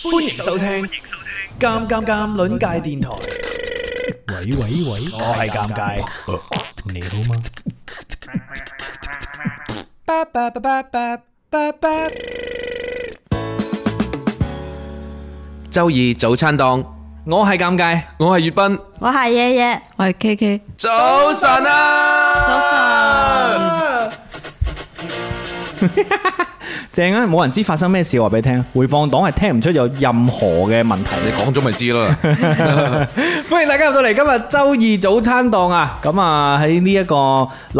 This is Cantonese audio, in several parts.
歡迎收聽《尷尷尷》鄰界電台。喂喂喂，我係尷尬，你好嗎？周二早餐檔，我係尷尬，我係粵斌，我係惹惹，我係 KKay。早晨啊！早晨。正啊！冇人知發生咩事，話俾你聽。回放檔係聽唔出有任何嘅問題。你講咗咪知咯？ 歡迎大家入到嚟，今日週二早餐檔啊！咁啊喺呢一個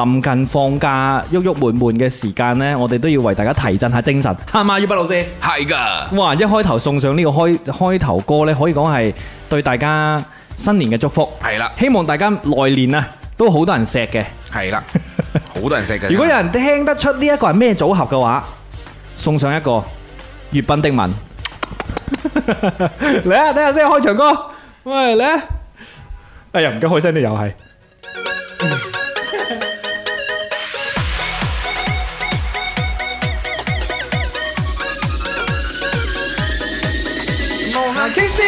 臨近放假鬱鬱悶悶嘅時間呢，我哋都要為大家提振下精神。係嘛，二八老師，係噶。的哇！一開頭送上呢個開開頭歌呢，可以講係對大家新年嘅祝福。係啦的，希望大家來年啊都好多人錫嘅。係啦，好多人錫嘅。 如果有人聽得出呢一個係咩組合嘅話，送上一個粵賓的吻，嚟 啊！等下先開場歌，喂，嚟啊！哎呀，唔夠開聲，啲又係。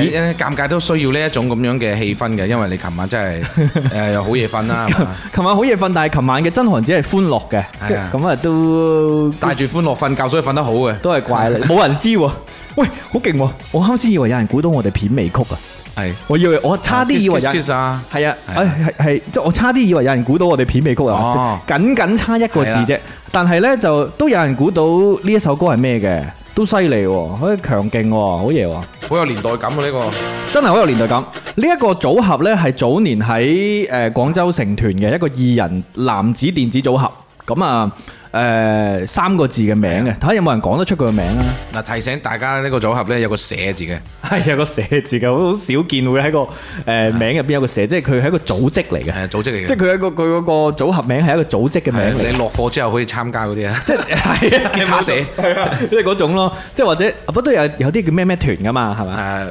其實尷尬都需要呢一種咁樣嘅氣氛嘅，因為你琴晚真係誒又好夜瞓啦。琴晚好夜瞓，但係琴晚嘅真韓子係歡樂嘅，咁啊都帶住歡樂瞓覺，所以瞓得好嘅，都係怪你，冇人知。喂，好勁！我啱先以為有人估到我哋片尾曲啊，係，我以為我差啲以為有，係啊，誒係係，即係我差啲以為有人估到我哋片尾曲啊，僅僅差一個字啫，但係咧就都有人估到呢一首歌係咩嘅。都犀利喎，可以強勁喎，好嘢喎，好有年代感啊！呢個真係好有年代感。呢一個組合呢，係早年喺誒廣州成團嘅一個二人男子電子組合，咁啊。誒、呃，三個字嘅名嘅，睇下的有冇人講得出佢個名啊？嗱，提醒大家呢、這個組合咧有個社字嘅，係 有個社字嘅，好好少見會喺個誒名入邊有個社，的即係佢係一個組織嚟嘅，係組織嚟嘅，即係佢一個佢嗰個組合名係一個組織嘅名。你落課之後可以參加嗰啲啊，即係係啊，叫社，係啊 蛇，即係嗰種咯，即係或者不都有有啲叫咩咩團㗎嘛，係咪？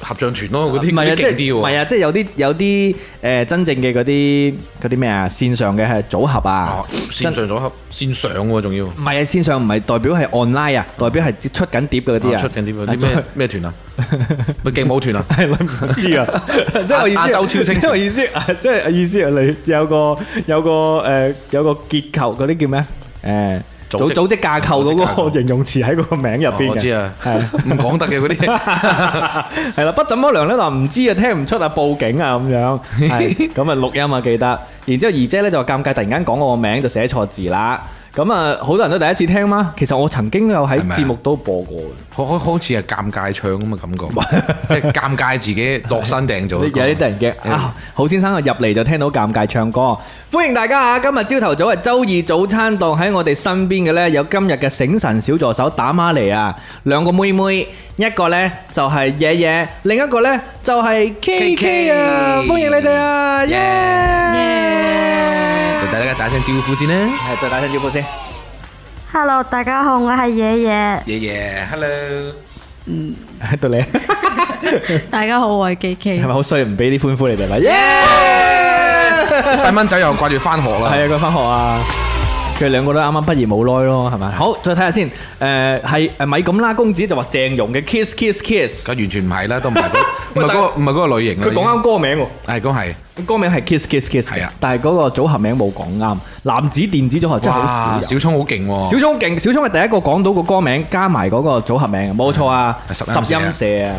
合唱團咯，嗰啲唔係一定，唔係啊，即係、啊就是、有啲有啲誒真正嘅嗰啲嗰啲咩啊線上嘅係組合啊， 線上組合真 線上喎，啊，仲要唔係啊，線上唔係代表係 online 啊，代表係出緊碟嗰啲啊，出緊碟嗰啲咩咩團啊，勁舞 團啊，係唔知啊，即係亞洲超星，即係意思，即係意思你有個有個誒有個結構嗰啲叫咩誒？組組織架構嗰個形容詞喺個名入邊嘅，係唔講得嘅嗰啲，係啦。不怎麼娘咧就唔知啊，聽唔出啊，報警啊咁樣。係咁啊，錄音啊記得。然之後二姐咧就尷尬，突然間講我個名就寫錯字啦。咁啊，好多人都第一次聽嘛。其實我曾經有喺節目都播過，好，好似係尷尬唱咁嘅感覺，即係尷尬自己落山定做，有啲得人驚。啊，好先生啊，入嚟就聽到尷尬唱歌，歡迎大家啊！今日朝頭早係週二早餐檔喺我哋身邊嘅咧，有今日嘅醒神小助手打孖嚟啊，兩個妹妹，一個咧就係惹惹，另一個咧就係 KKay 啊，歡迎你哋啊，耶！同大家打聲招呼先啦，係，再打聲招呼先。Hello，大家好，我係惹惹。惹惹、yeah, yeah，Hello。嗯，喺度 你了。 大家好，我係 KKay。係咪好衰唔俾啲歡呼你哋咪？耶、yeah! 細蚊仔又掛住翻學啦，係啊，佢翻學啊。佢兩個都啱啱畢業冇耐咯，係咪？好，再睇下先。誒係誒咪咁啦，公子就話鄭融嘅 Kiss Kiss Kiss。佢完全唔係啦，都唔係嗰唔係嗰個唔係嗰個類型。佢講啱歌名喎。係，歌係。歌名係 Kiss Kiss Kiss。係啊的。但係嗰個組合名冇講啱。男子電子組合真係好少。小聰好勁喎。小聰好勁，小聰係第一個講到個歌名加埋嗰個組合名，冇錯啊。十音社啊。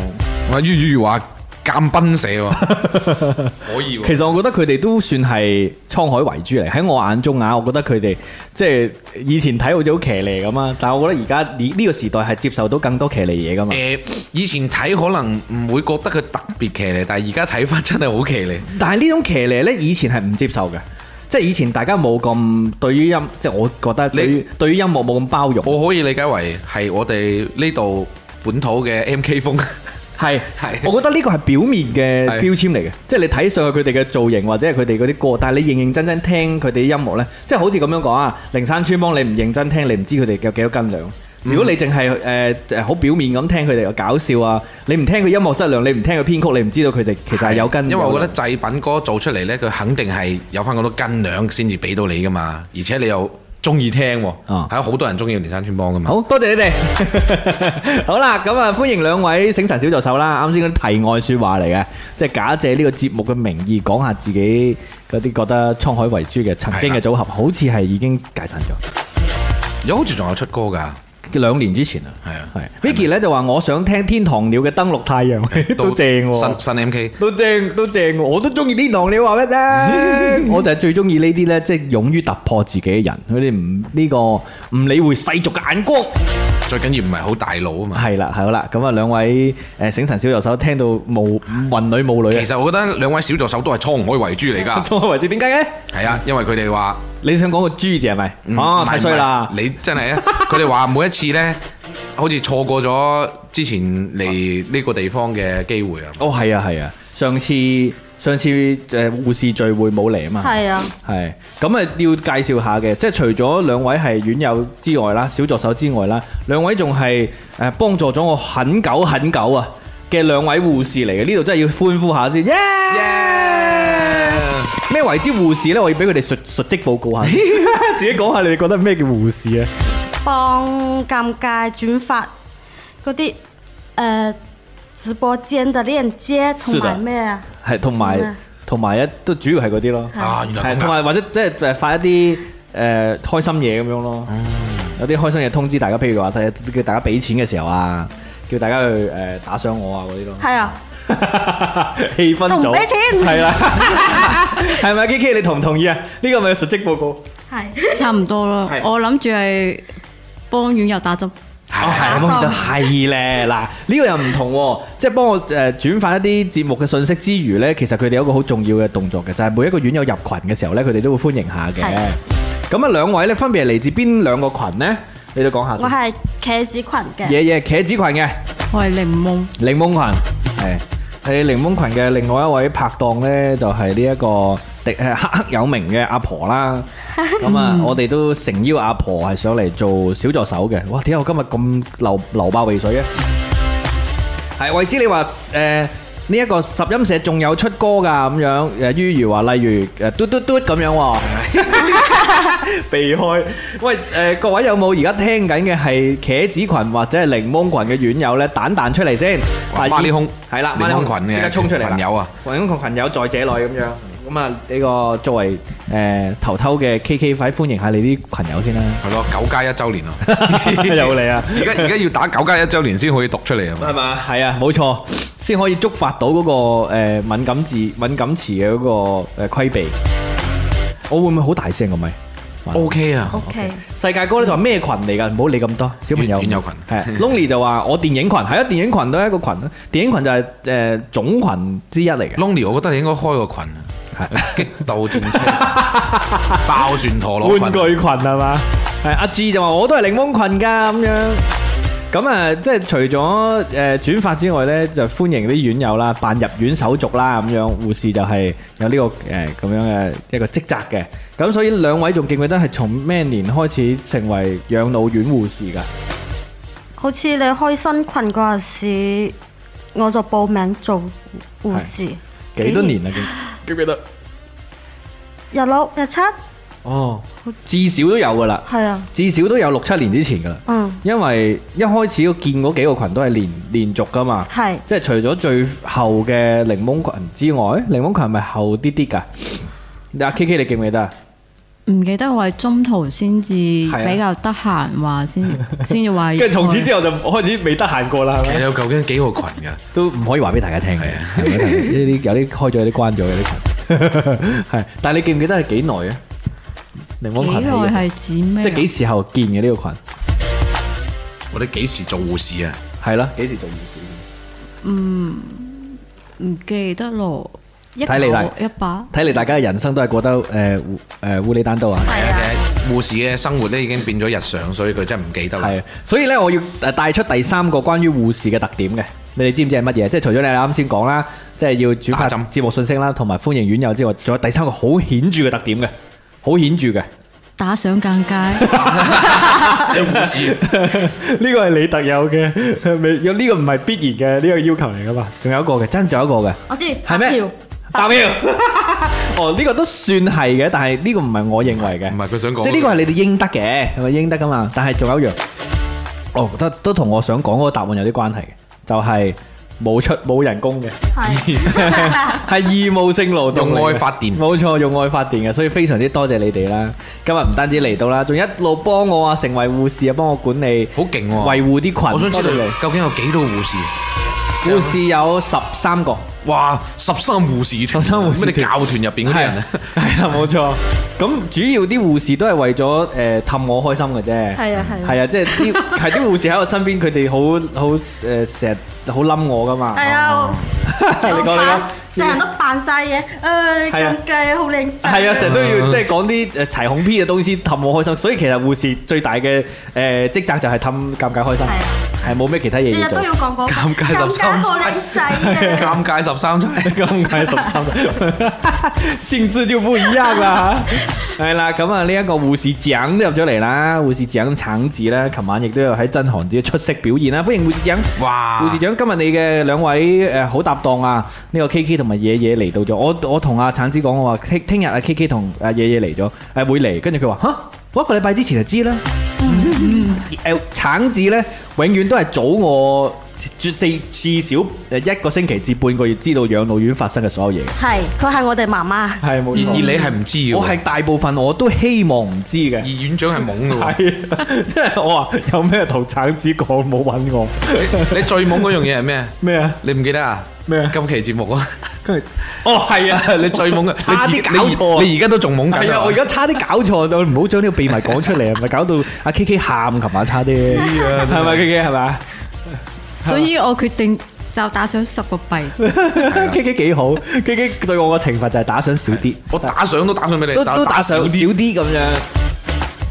我粵語話。呃呃呃呃呃呃呃咁奔死喎， 可以。其實我覺得佢哋都算係滄海遺珠嚟，喺我眼中啊，我覺得佢哋即係以前睇好似好騎呢咁啊，但係我覺得而家呢呢個時代係接受到更多騎呢嘢噶嘛。誒，以前睇可能唔會覺得佢特別騎呢，但係而家睇翻真係好騎呢。但係呢種騎呢以前係唔接受嘅，即係以前大家冇咁對於音，即係我覺得對你 對於音樂冇咁包容。我可以理解為係我哋呢度本土嘅 M K 風。係係，我覺得呢個係表面嘅標籤嚟嘅，是即係你睇上去佢哋嘅造型或者係佢哋嗰啲歌，但係你認認真真聽佢哋啲音樂呢，即係好似咁樣講啊，靈山村幫你唔認真聽，你唔知佢哋有幾多斤兩。如果你淨係誒好表面咁聽佢哋嘅搞笑啊，你唔聽佢音樂質量，你唔聽佢編曲，你唔知道佢哋其實係有斤。因為我覺得製品歌做出嚟呢，佢肯定係有翻咁多斤兩先至俾到你㗎嘛，而且你又。中意聽喎，係啊，好、嗯、多人中意用連山村幫噶嘛，好多謝你哋。 好啦，咁啊，歡迎兩位醒神小助手啦。啱先嗰啲題外説話嚟嘅，即係假借呢個節目嘅名義講下自己嗰啲覺得滄海遺珠嘅曾經嘅組合，的好似係已經解散咗，有好似仲有出歌㗎。兩年之前啊，係啊是，係。Vicky 咧就話：我想聽天堂鳥嘅《登陸太陽，》 都正喎、啊。新新 M K 都正都正，我都中意天堂鳥啊！咧，我， 我就係最中意呢啲呢即係勇於突破自己嘅人，佢哋唔呢個唔理會世俗嘅眼光。最緊要唔係好大腦啊嘛，係啦係好啦，咁啊兩位誒醒神小助手聽到雲裏霧裏其實我覺得兩位小助手都係滄海遺珠嚟噶，滄海遺珠點解呢？係啊， 因為佢哋話你想講個豬字係咪？嗯、哦，太衰啦！你真係啊！佢哋話每一次呢，好似錯過咗之前嚟呢個地方嘅機會、 哦、啊！哦、啊，係啊係啊，上次。上次誒、呃、護士聚會冇嚟啊嘛，係是啊，係咁啊，要介紹下嘅，即係除咗兩位係院友之外啦，小助手之外啦，兩位仲係誒幫助咗我很久很久啊嘅兩位護士嚟嘅，呢度真係要歡呼下先，咩耶耶為之護士呢？我要俾佢哋述述職報告下， 自己講下你哋覺得咩叫護士啊？幫尷尬轉發嗰啲誒。直播間嘅鏈接同埋咩啊？係同埋同埋一都主要係嗰啲咯。係同埋或者即係誒發一啲誒、呃、開心嘢咁樣咯。啊、有啲開心嘢通知大家，譬如話睇叫大家俾錢嘅時候啊，叫大家去誒打賞我啊嗰啲咯。係啊，氣 氛組。仲俾錢？係啦的，係咪啊 KK？你同唔同意啊？呢個咪述職報告。係的 差唔多咯。的我諗住係幫院友打針。係，係咁就係咧嗱，呢個又唔同，即係幫我誒轉發一啲節目嘅信息之餘咧，其實佢哋有一個好重要嘅動作嘅，就係每一個院友入群嘅時候咧，佢哋都會歡迎下嘅。咁啊，兩位咧分別係嚟自邊兩個群咧？你都講下先。我係茄子群嘅。惹惹茄子群嘅。我係檸檬。檸檬群。係喺檸檬群嘅另外一位拍檔咧，就係呢一個。誒，黑黑有名嘅阿婆啦，咁啊，我哋都誠邀阿婆係上嚟做小助手嘅。哇，點解我今日咁流流爆鼻水嘅？係維斯，你話誒呢一個十音社仲有出歌噶咁樣？誒，於如話例如誒嘟嘟嘟咁樣喎，避開。喂，誒各位有冇而家聽緊嘅係茄子群或者係檸檬群嘅院友咧？彈彈出嚟先，係啦，檸檬群嘅即刻衝出嚟朋友啊，檸檬群朋友在這裏咁樣。咁啊！呢個作為誒頭頭嘅 KK 快歡迎下你啲群友先啦。係咯，九加一周年啊，有你啊！而家而家要打九加一周年先可以讀出嚟啊。係嘛？係啊，冇錯，先可以觸發到嗰個誒敏感字、敏感詞嘅嗰個誒規避。我會唔會好大聲個咪？OK 啊，OK。世界哥咧就話咩群嚟㗎？唔好理咁多。小朋友，戰友群係。Lony 就話我電影群係啊，電影群都係一個群，電影群就係誒總群之一嚟嘅。Lony 我覺得你應該開個群激到轉車， 爆旋陀螺，玩具群係嘛？係，阿志就話我都係檸檬群噶咁樣。咁啊，即係除咗誒轉發之外呢，就歡迎啲院友啦，辦入院手續啦咁樣。護士就係有呢個誒咁樣嘅一個職責嘅。咁所以兩位仲記唔記得係從咩年開始成為養腦院護士噶？好似你開新群嗰陣時，我就報名做護士。幾多年啦？記唔記得？日六日七哦，至少都有噶啦。係啊的，至少都有六七年之前噶啦。嗯，因為一開始我建嗰幾個群都係連連續噶嘛。係的，即係除咗最後嘅檸檬群之外，檸檬群係咪厚啲啲噶？阿的 KK 你記唔記得？唔記得，我係中途先至比較得閒話先先至話，跟住從此之後就我開始未得閒過啦。有究竟幾個群噶， 都唔可以話俾大家聽嘅。 有啲開咗，有啲關咗有啲群。係， 但係你記唔記得係幾耐啊？幾耐係指咩？即係幾時候建嘅呢個群？我哋幾時做護士啊？係咯、啊，幾時做護士、啊？嗯，唔記得咯。睇嚟大一把，睇嚟大家嘅人生都係過得誒誒烏里單刀啊！係啊，護士嘅生活咧已經變咗日常，所以佢真係唔記得啦。係、啊，所以咧我要帶出第三個關於護士嘅特點嘅，你哋知唔知係乜嘢？即係除咗你啱先講啦，即係要轉發節目信息啦，同埋歡迎院友之外，仲有第三個好顯著嘅特點嘅，好顯著嘅，打賞尷尬。護士呢個係你特有嘅，未有呢個唔係必然嘅呢、呢個要求嚟噶嘛？仲有一個嘅，真仲有一個嘅，我知係咩？嗎八票哦，呢個都算係嘅，但係呢個唔係我認為嘅，唔係佢想講，即係呢個係你哋應得嘅，係咪應得噶嘛？但係仲有一樣，哦，得都同我想講嗰個答案有啲關係嘅，就係冇出冇人工嘅，係係義務性勞動，用愛發電，冇錯，用愛發電嘅，所以非常之多謝你哋啦。今日唔單止嚟到啦，仲一路幫我啊，成為護士啊，幫我管理，好勁，維護啲群。我想知道你究竟有幾多個護士？護士有十三個。哇！十三護士十三護士團，乜你教團入邊啲人啊？係啊的，冇錯。咁的主要啲護士都係為咗誒氹我開心嘅啫。係啊，係。係啊，即係啲係啲護士喺我身邊，佢哋好好誒，成日好冧我噶嘛。係啊，你講你講。成日都扮晒嘢，誒、哎，尷尬啊，好靚仔。係啊，成日都要即係講啲誒彩虹屁嘅東西氹我開心，所以其實護士最大嘅誒職責就係氹尷尬開心。係冇咩其他嘢。都要講講、那個、尷尬十三出。尷尬靚仔啊！十三出，尷尬十三出，三 性質就不一樣啦。係啦、 啊，咁啊呢一個護士長都入咗嚟啦，護士長橙子啦，琴晚亦都有喺真韓子出色表現啦，歡迎護士長。哇！護士長今日你嘅兩位誒好搭檔啊，呢、呢個 K K。同埋惹惹嚟到咗，我我同阿、啊、橙子講我話聽聽日阿 KKay 同阿惹惹嚟咗，誒會嚟，跟住佢話吓，我一個禮拜之前就知啦。 橙子咧永遠都係早我。絕對至少誒一個星期至半個月，知道養腦院發生嘅所有嘢。係，佢係我哋媽媽。係，而你係唔知嘅。我係大部分我都希望唔知嘅。而院長係懵嘅。係，即係我話有咩同橙子講冇揾我。你最懵嗰樣嘢係咩？咩啊？你唔記得啊？咩啊？今期節目啊？跟住，哦係啊！你最懵嘅，差啲搞錯。你而家都仲懵緊。係啊！我而家差啲搞錯，到唔好將呢個秘密講出嚟，咪搞到阿 K K 喊。琴晚差啲，係咪 K K 係咪啊？所以我決定就打賞十個幣。 是啊、K K 幾好 ？K K 對我個懲罰就係打賞少啲。 我打賞都打賞俾你，都打賞少啲咁樣。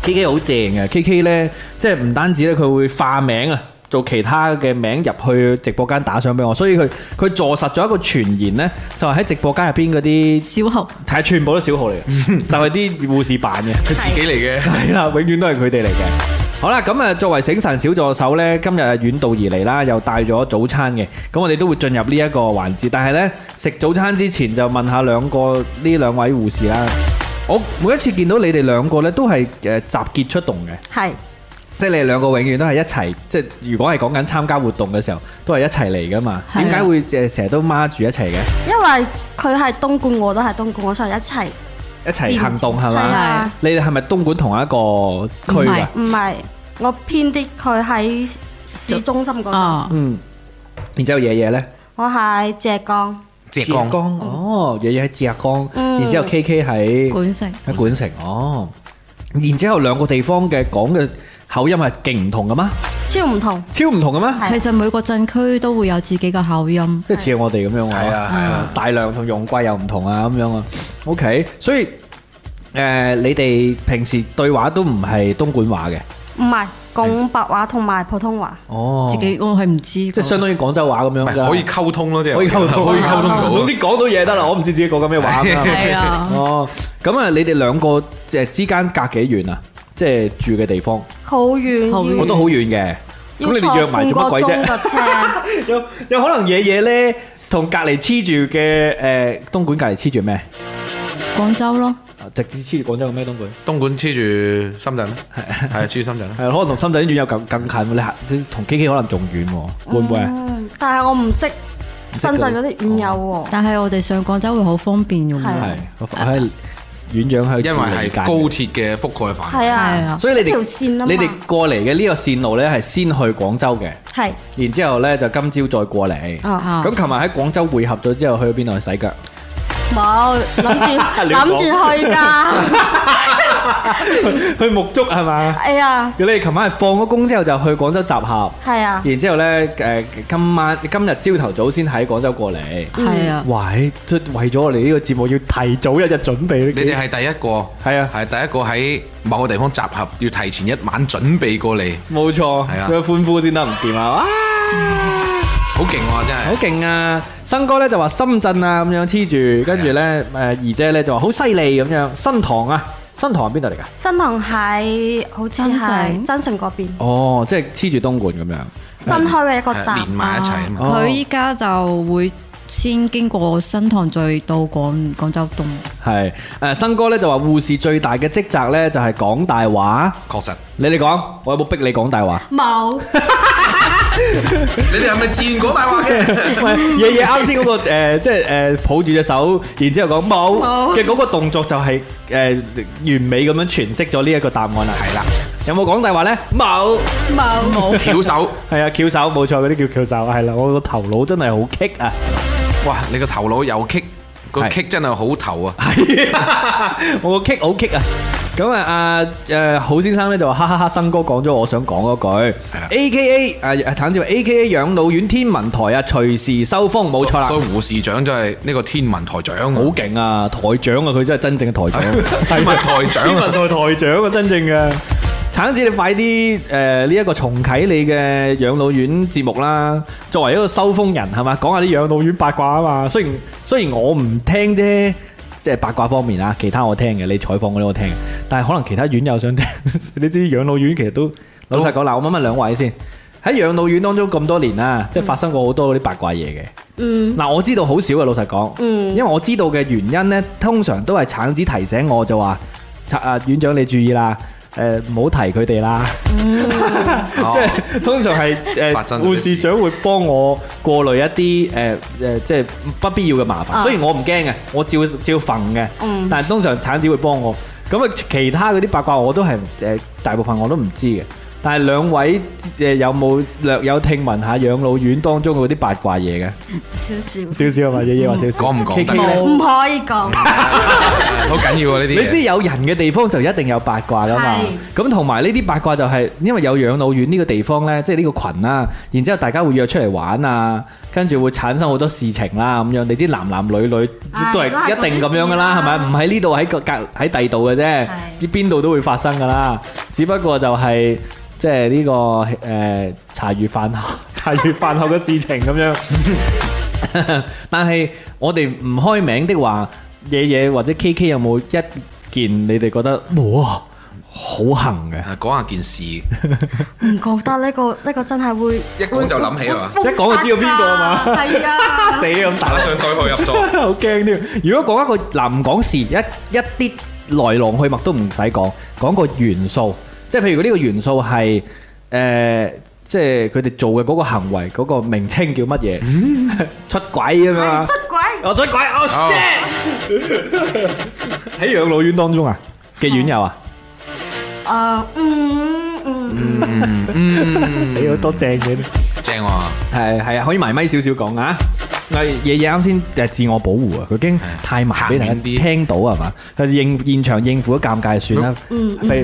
K K 好正嘅。K K 咧，即係唔單止咧，佢會化名啊，做其他嘅名入去直播間打賞俾我。所以佢佢坐實咗一個傳言咧，就係喺直播間入邊嗰啲小號學，係全部都小號嚟嘅， 就係啲護士扮嘅，佢自己嚟嘅。係啦、啊，永遠都係佢哋嚟嘅。好啦，咁啊，作為醒神小助手咧，今日遠道而嚟啦，又帶咗早餐嘅，咁我哋都會進入呢一個環節。但係咧，食早餐之前就問下兩個呢兩位護士啦。我每一次見到你哋兩個咧都係誒集結出動嘅，係，即係你哋兩個永遠都係一齊，即係如果係講緊參加活動嘅時候都係一齊嚟噶嘛？點解會誒成日都孖住一齊嘅？因為佢係東莞，我都係東莞，我想一齊。一齊行動係嘛？啊、你哋係咪東莞同一個區啊？唔係，我偏啲佢喺市中心嗰度。啊、嗯，然之後爺爺咧，我喺浙江。浙江，哦，爺爺喺浙江，然之後 K K 喺莞城，喺莞城，成成哦，然之後兩個地方嘅講嘅。口音係勁唔同嘅咩？超唔同，超唔同嘅咩？其實每個鎮區都會有自己嘅口音，即係似我哋咁樣啊。係啊，係啊，大量同用貴又唔同啊，咁樣啊。OK，所以誒，你哋平時對話都唔係東莞話嘅，唔係講白話同埋普通話。哦，自己我係唔知，即係相當於廣州話咁樣，可以溝通咯，即係可以溝通，可以溝通。總之講到嘢得啦，我唔知自己講緊咩話。哦，咁啊，你哋兩個誒之間隔幾遠啊？即係住嘅地方，好遠，我都好遠嘅。咁坐你哋約埋做乜鬼啫？有有 可能嘢嘢咧，同隔離黐住嘅。誒，東莞隔離黐住咩？廣州咯，直接黐住廣州嘅咩東莞？東莞黐住深圳咧，係係黐住深圳啦、 啊。可能同深圳遠友院友咁更近，你同 K K 可能仲遠喎，會唔會、嗯、但係我唔識深圳嗰啲院友喎。但係我哋上廣州會好方便用嘅，好院長係因為係高鐵嘅覆蓋範圍，係啊，所以你哋 你哋過嚟嘅呢個線路咧，係先去廣州嘅，係， 然之後咧就今朝再過嚟。咁琴日喺廣州匯合咗之後，去邊度去洗腳？冇諗住諗住去㗎， 去沐足係嘛？哎呀！咁你哋琴晚係放咗工之後就去廣州集合，係啊。然之後咧，誒，今晚今日朝頭早先喺廣州過嚟，係啊、哎呀。喂，都為咗我哋呢個節目要提早一日準備，你哋係第一個，係是啊，係第一個喺某個地方集合，要提前一晚準備過嚟，冇錯錯，係是啊，啊，歡呼先得，唔掂啊！好勁啊，真係好勁啊！新哥咧就話深圳啊咁樣黐住，跟住咧誒二姐咧就話好犀利咁樣。新塘啊，新塘係邊度嚟噶？新塘喺好似係增城嗰邊。哦，即係黐住東莞咁樣。新開嘅一個站，連埋一齊。佢依家就會先經過新塘，再到廣廣州東。係誒、哦，新哥咧就話護士最大嘅職責咧就係講大話。確實，你哋講，我有冇逼你講大話？冇沒有。 你哋係咪自願講大話嘅？惹惹啱先嗰個誒，即係誒，抱住隻手，然之後講冇嘅嗰個動作就係誒，完美咁樣詮釋咗呢一個答案啦。係啦，有冇講大話咧？冇冇冇翹手，係啊，翹手冇錯，嗰啲叫翹手。係啦，我個頭腦真係好棘啊！哇，你個頭腦又棘。個 kick 真係好頭啊！我個 kick 好 kick 啊！咁啊，阿誒好先生咧就話哈哈哈，新哥講咗我想講嗰句，A K A 啊，誒的，簡稱 A K A 養老院天文台啊，隨時收風，冇錯啦。所以護士長就係呢個天文台長，啊，好勁啊！台長啊，佢真係真正嘅台， 台長，係咪台長？天文台台長啊，真正嘅。橙子，你快啲誒呢一個重啟你嘅養老院節目啦！作為一個收風人係嘛，講下啲養老院八卦啊嘛。雖然雖然我唔聽啫，即係八卦方面啊，其他我聽嘅，你採訪我都聽嘅。但係可能其他院友想聽，你知啲養老院其實都老實講。嗱，我問問兩位先，喺養老院當中咁多年啦，嗯、即係發生過好多嗰啲八卦嘢嘅。嗯，嗱、啊、我知道好少嘅。老實講。嗯，因為我知道嘅原因呢，通常都係橙子提醒我就話，啊、呃，院長你注意啦。誒，唔好提佢哋啦。即係通常係誒，護 士長會幫我過濾一啲誒誒，即、uh, 係、uh, 不必要嘅麻煩。所以、uh. 我唔驚嘅，我照照瞓嘅。Uh. 但係通常橙子會幫我，咁啊其他嗰啲八卦我都係誒，大部分我都唔知嘅。但係兩位誒有冇略有聽聞下養老院當中嗰啲八卦嘢嘅？少少少少啊嘛，惹惹話少少。講唔講？唔可以講。好緊要呢啲嘢。你知有人嘅地方就一定有八卦噶嘛？咁同埋呢啲八卦就係因為有養老院呢個地方咧，即係呢個群啦，然之後大家會約出嚟玩啊，跟住會產生好多事情啦咁樣。你知男男女女都係一定咁樣噶啦，係咪？唔喺呢度喺個隔喺第度嘅啫，啲邊度都會發生噶啦。只不過就係。即係呢個誒，茶餘飯後、茶餘飯後嘅事情咁樣。但係我哋唔開名的話，惹惹或者 KKay 有冇一件你哋覺得哇？好行嘅。講下件事。唔覺得呢個呢個真係會？一講就諗起啊嘛！一講就知道邊個啊嘛！係啊，死咁大啦！上對號入座，好驚添。如果講一個林講事，一一啲來龍去脈都唔使講，講個元素。即係譬如佢呢個元素係誒，即係佢哋做嘅嗰個行為，嗰個名稱叫乜嘢？出軌吖嘛！出軌！我出軌！我 shit！喺養老院當中啊，嘅院友啊。啊嗯嗯嗯，死好多正嘢咯！正喎，係係啊，可以埋咪少少講啊。係夜夜啱先，就係自我保護啊！佢驚太麻，俾人聽到啊嘛！佢應現場應付咗尷尬算啦，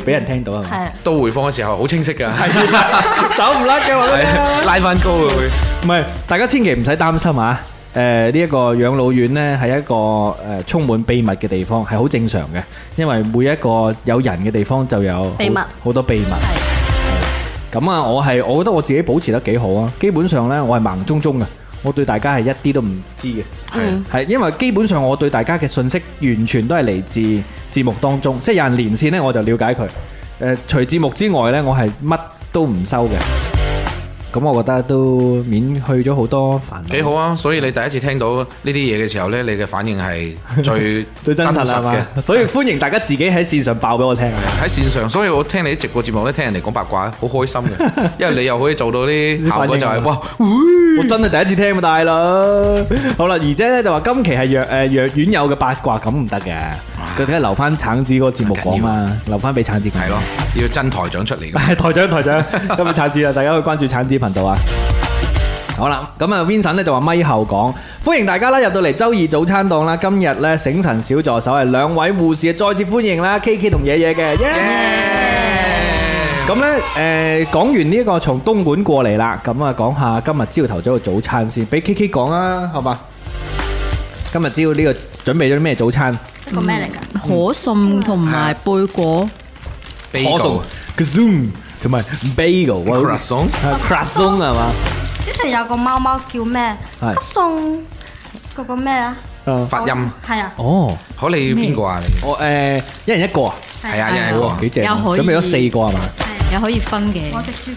俾人聽到啊嘛！到回放嘅時候好清晰噶，走唔甩嘅，拉翻高會唔會？唔係，大家千祈唔使擔心啊！誒，呢一個養腦院咧係一個誒充滿秘密嘅地方，係好正常嘅，因為每一個有人嘅地方就有秘密，好多秘密。咁啊，我係我覺得我自己保持得幾好啊！基本上咧，我係盲中中嘅。我對大家係一啲都唔知嘅，係，係因為基本上我對大家嘅信息完全都係嚟自節目當中，即係有人連線呢，我就了解佢。誒，除節目之外呢，我係乜都唔收嘅。咁我覺得都免去咗好多煩惱。幾好啊！所以你第一次聽到呢啲嘢嘅時候呢，你嘅反應係最 最真實嘅實。吧所以歡迎大家自己喺線上爆俾我聽。喺線上，所以我聽你直播節目呢，聽人哋講八卦，好開心嘅， 因為你又可以做到啲效果，就係哇！哇 我真係第一次聽啊，大 佬。好啦，二姐呢就話今期係藥誒藥丸友嘅八卦，咁唔得嘅。佢哋係留翻橙子嗰個節目講啊，留翻俾橙子講係咯，吧要真台長出嚟。台長，台長，今日 橙子啊，大家去以關注橙子頻道啊。好啦了，咁啊 Vinson 咧就話咪後講，歡迎大家啦入到嚟周二早餐檔啦。今日咧醒神小助手係兩位護士，再次歡迎啦 KKay 同惹惹嘅。耶、yeah! Yeah!！咁咧誒，講完呢、這個從東莞過嚟啦，咁啊講下今日朝頭早嘅早餐先，俾 KKay 講啦，好嘛？ 今日朝頭早呢個準備咗啲咩早餐？一個咩嚟噶？可頌同埋貝果，可頌個 zoom 同埋 bagel，crab 鬆，crab 鬆係嘛？之前有個貓貓叫咩？可頌嗰個咩啊？發音係啊。哦，好你邊個啊？你我誒，一人一個啊？係啊，又係幾正？準備咗四個係嘛？有可以分嘅，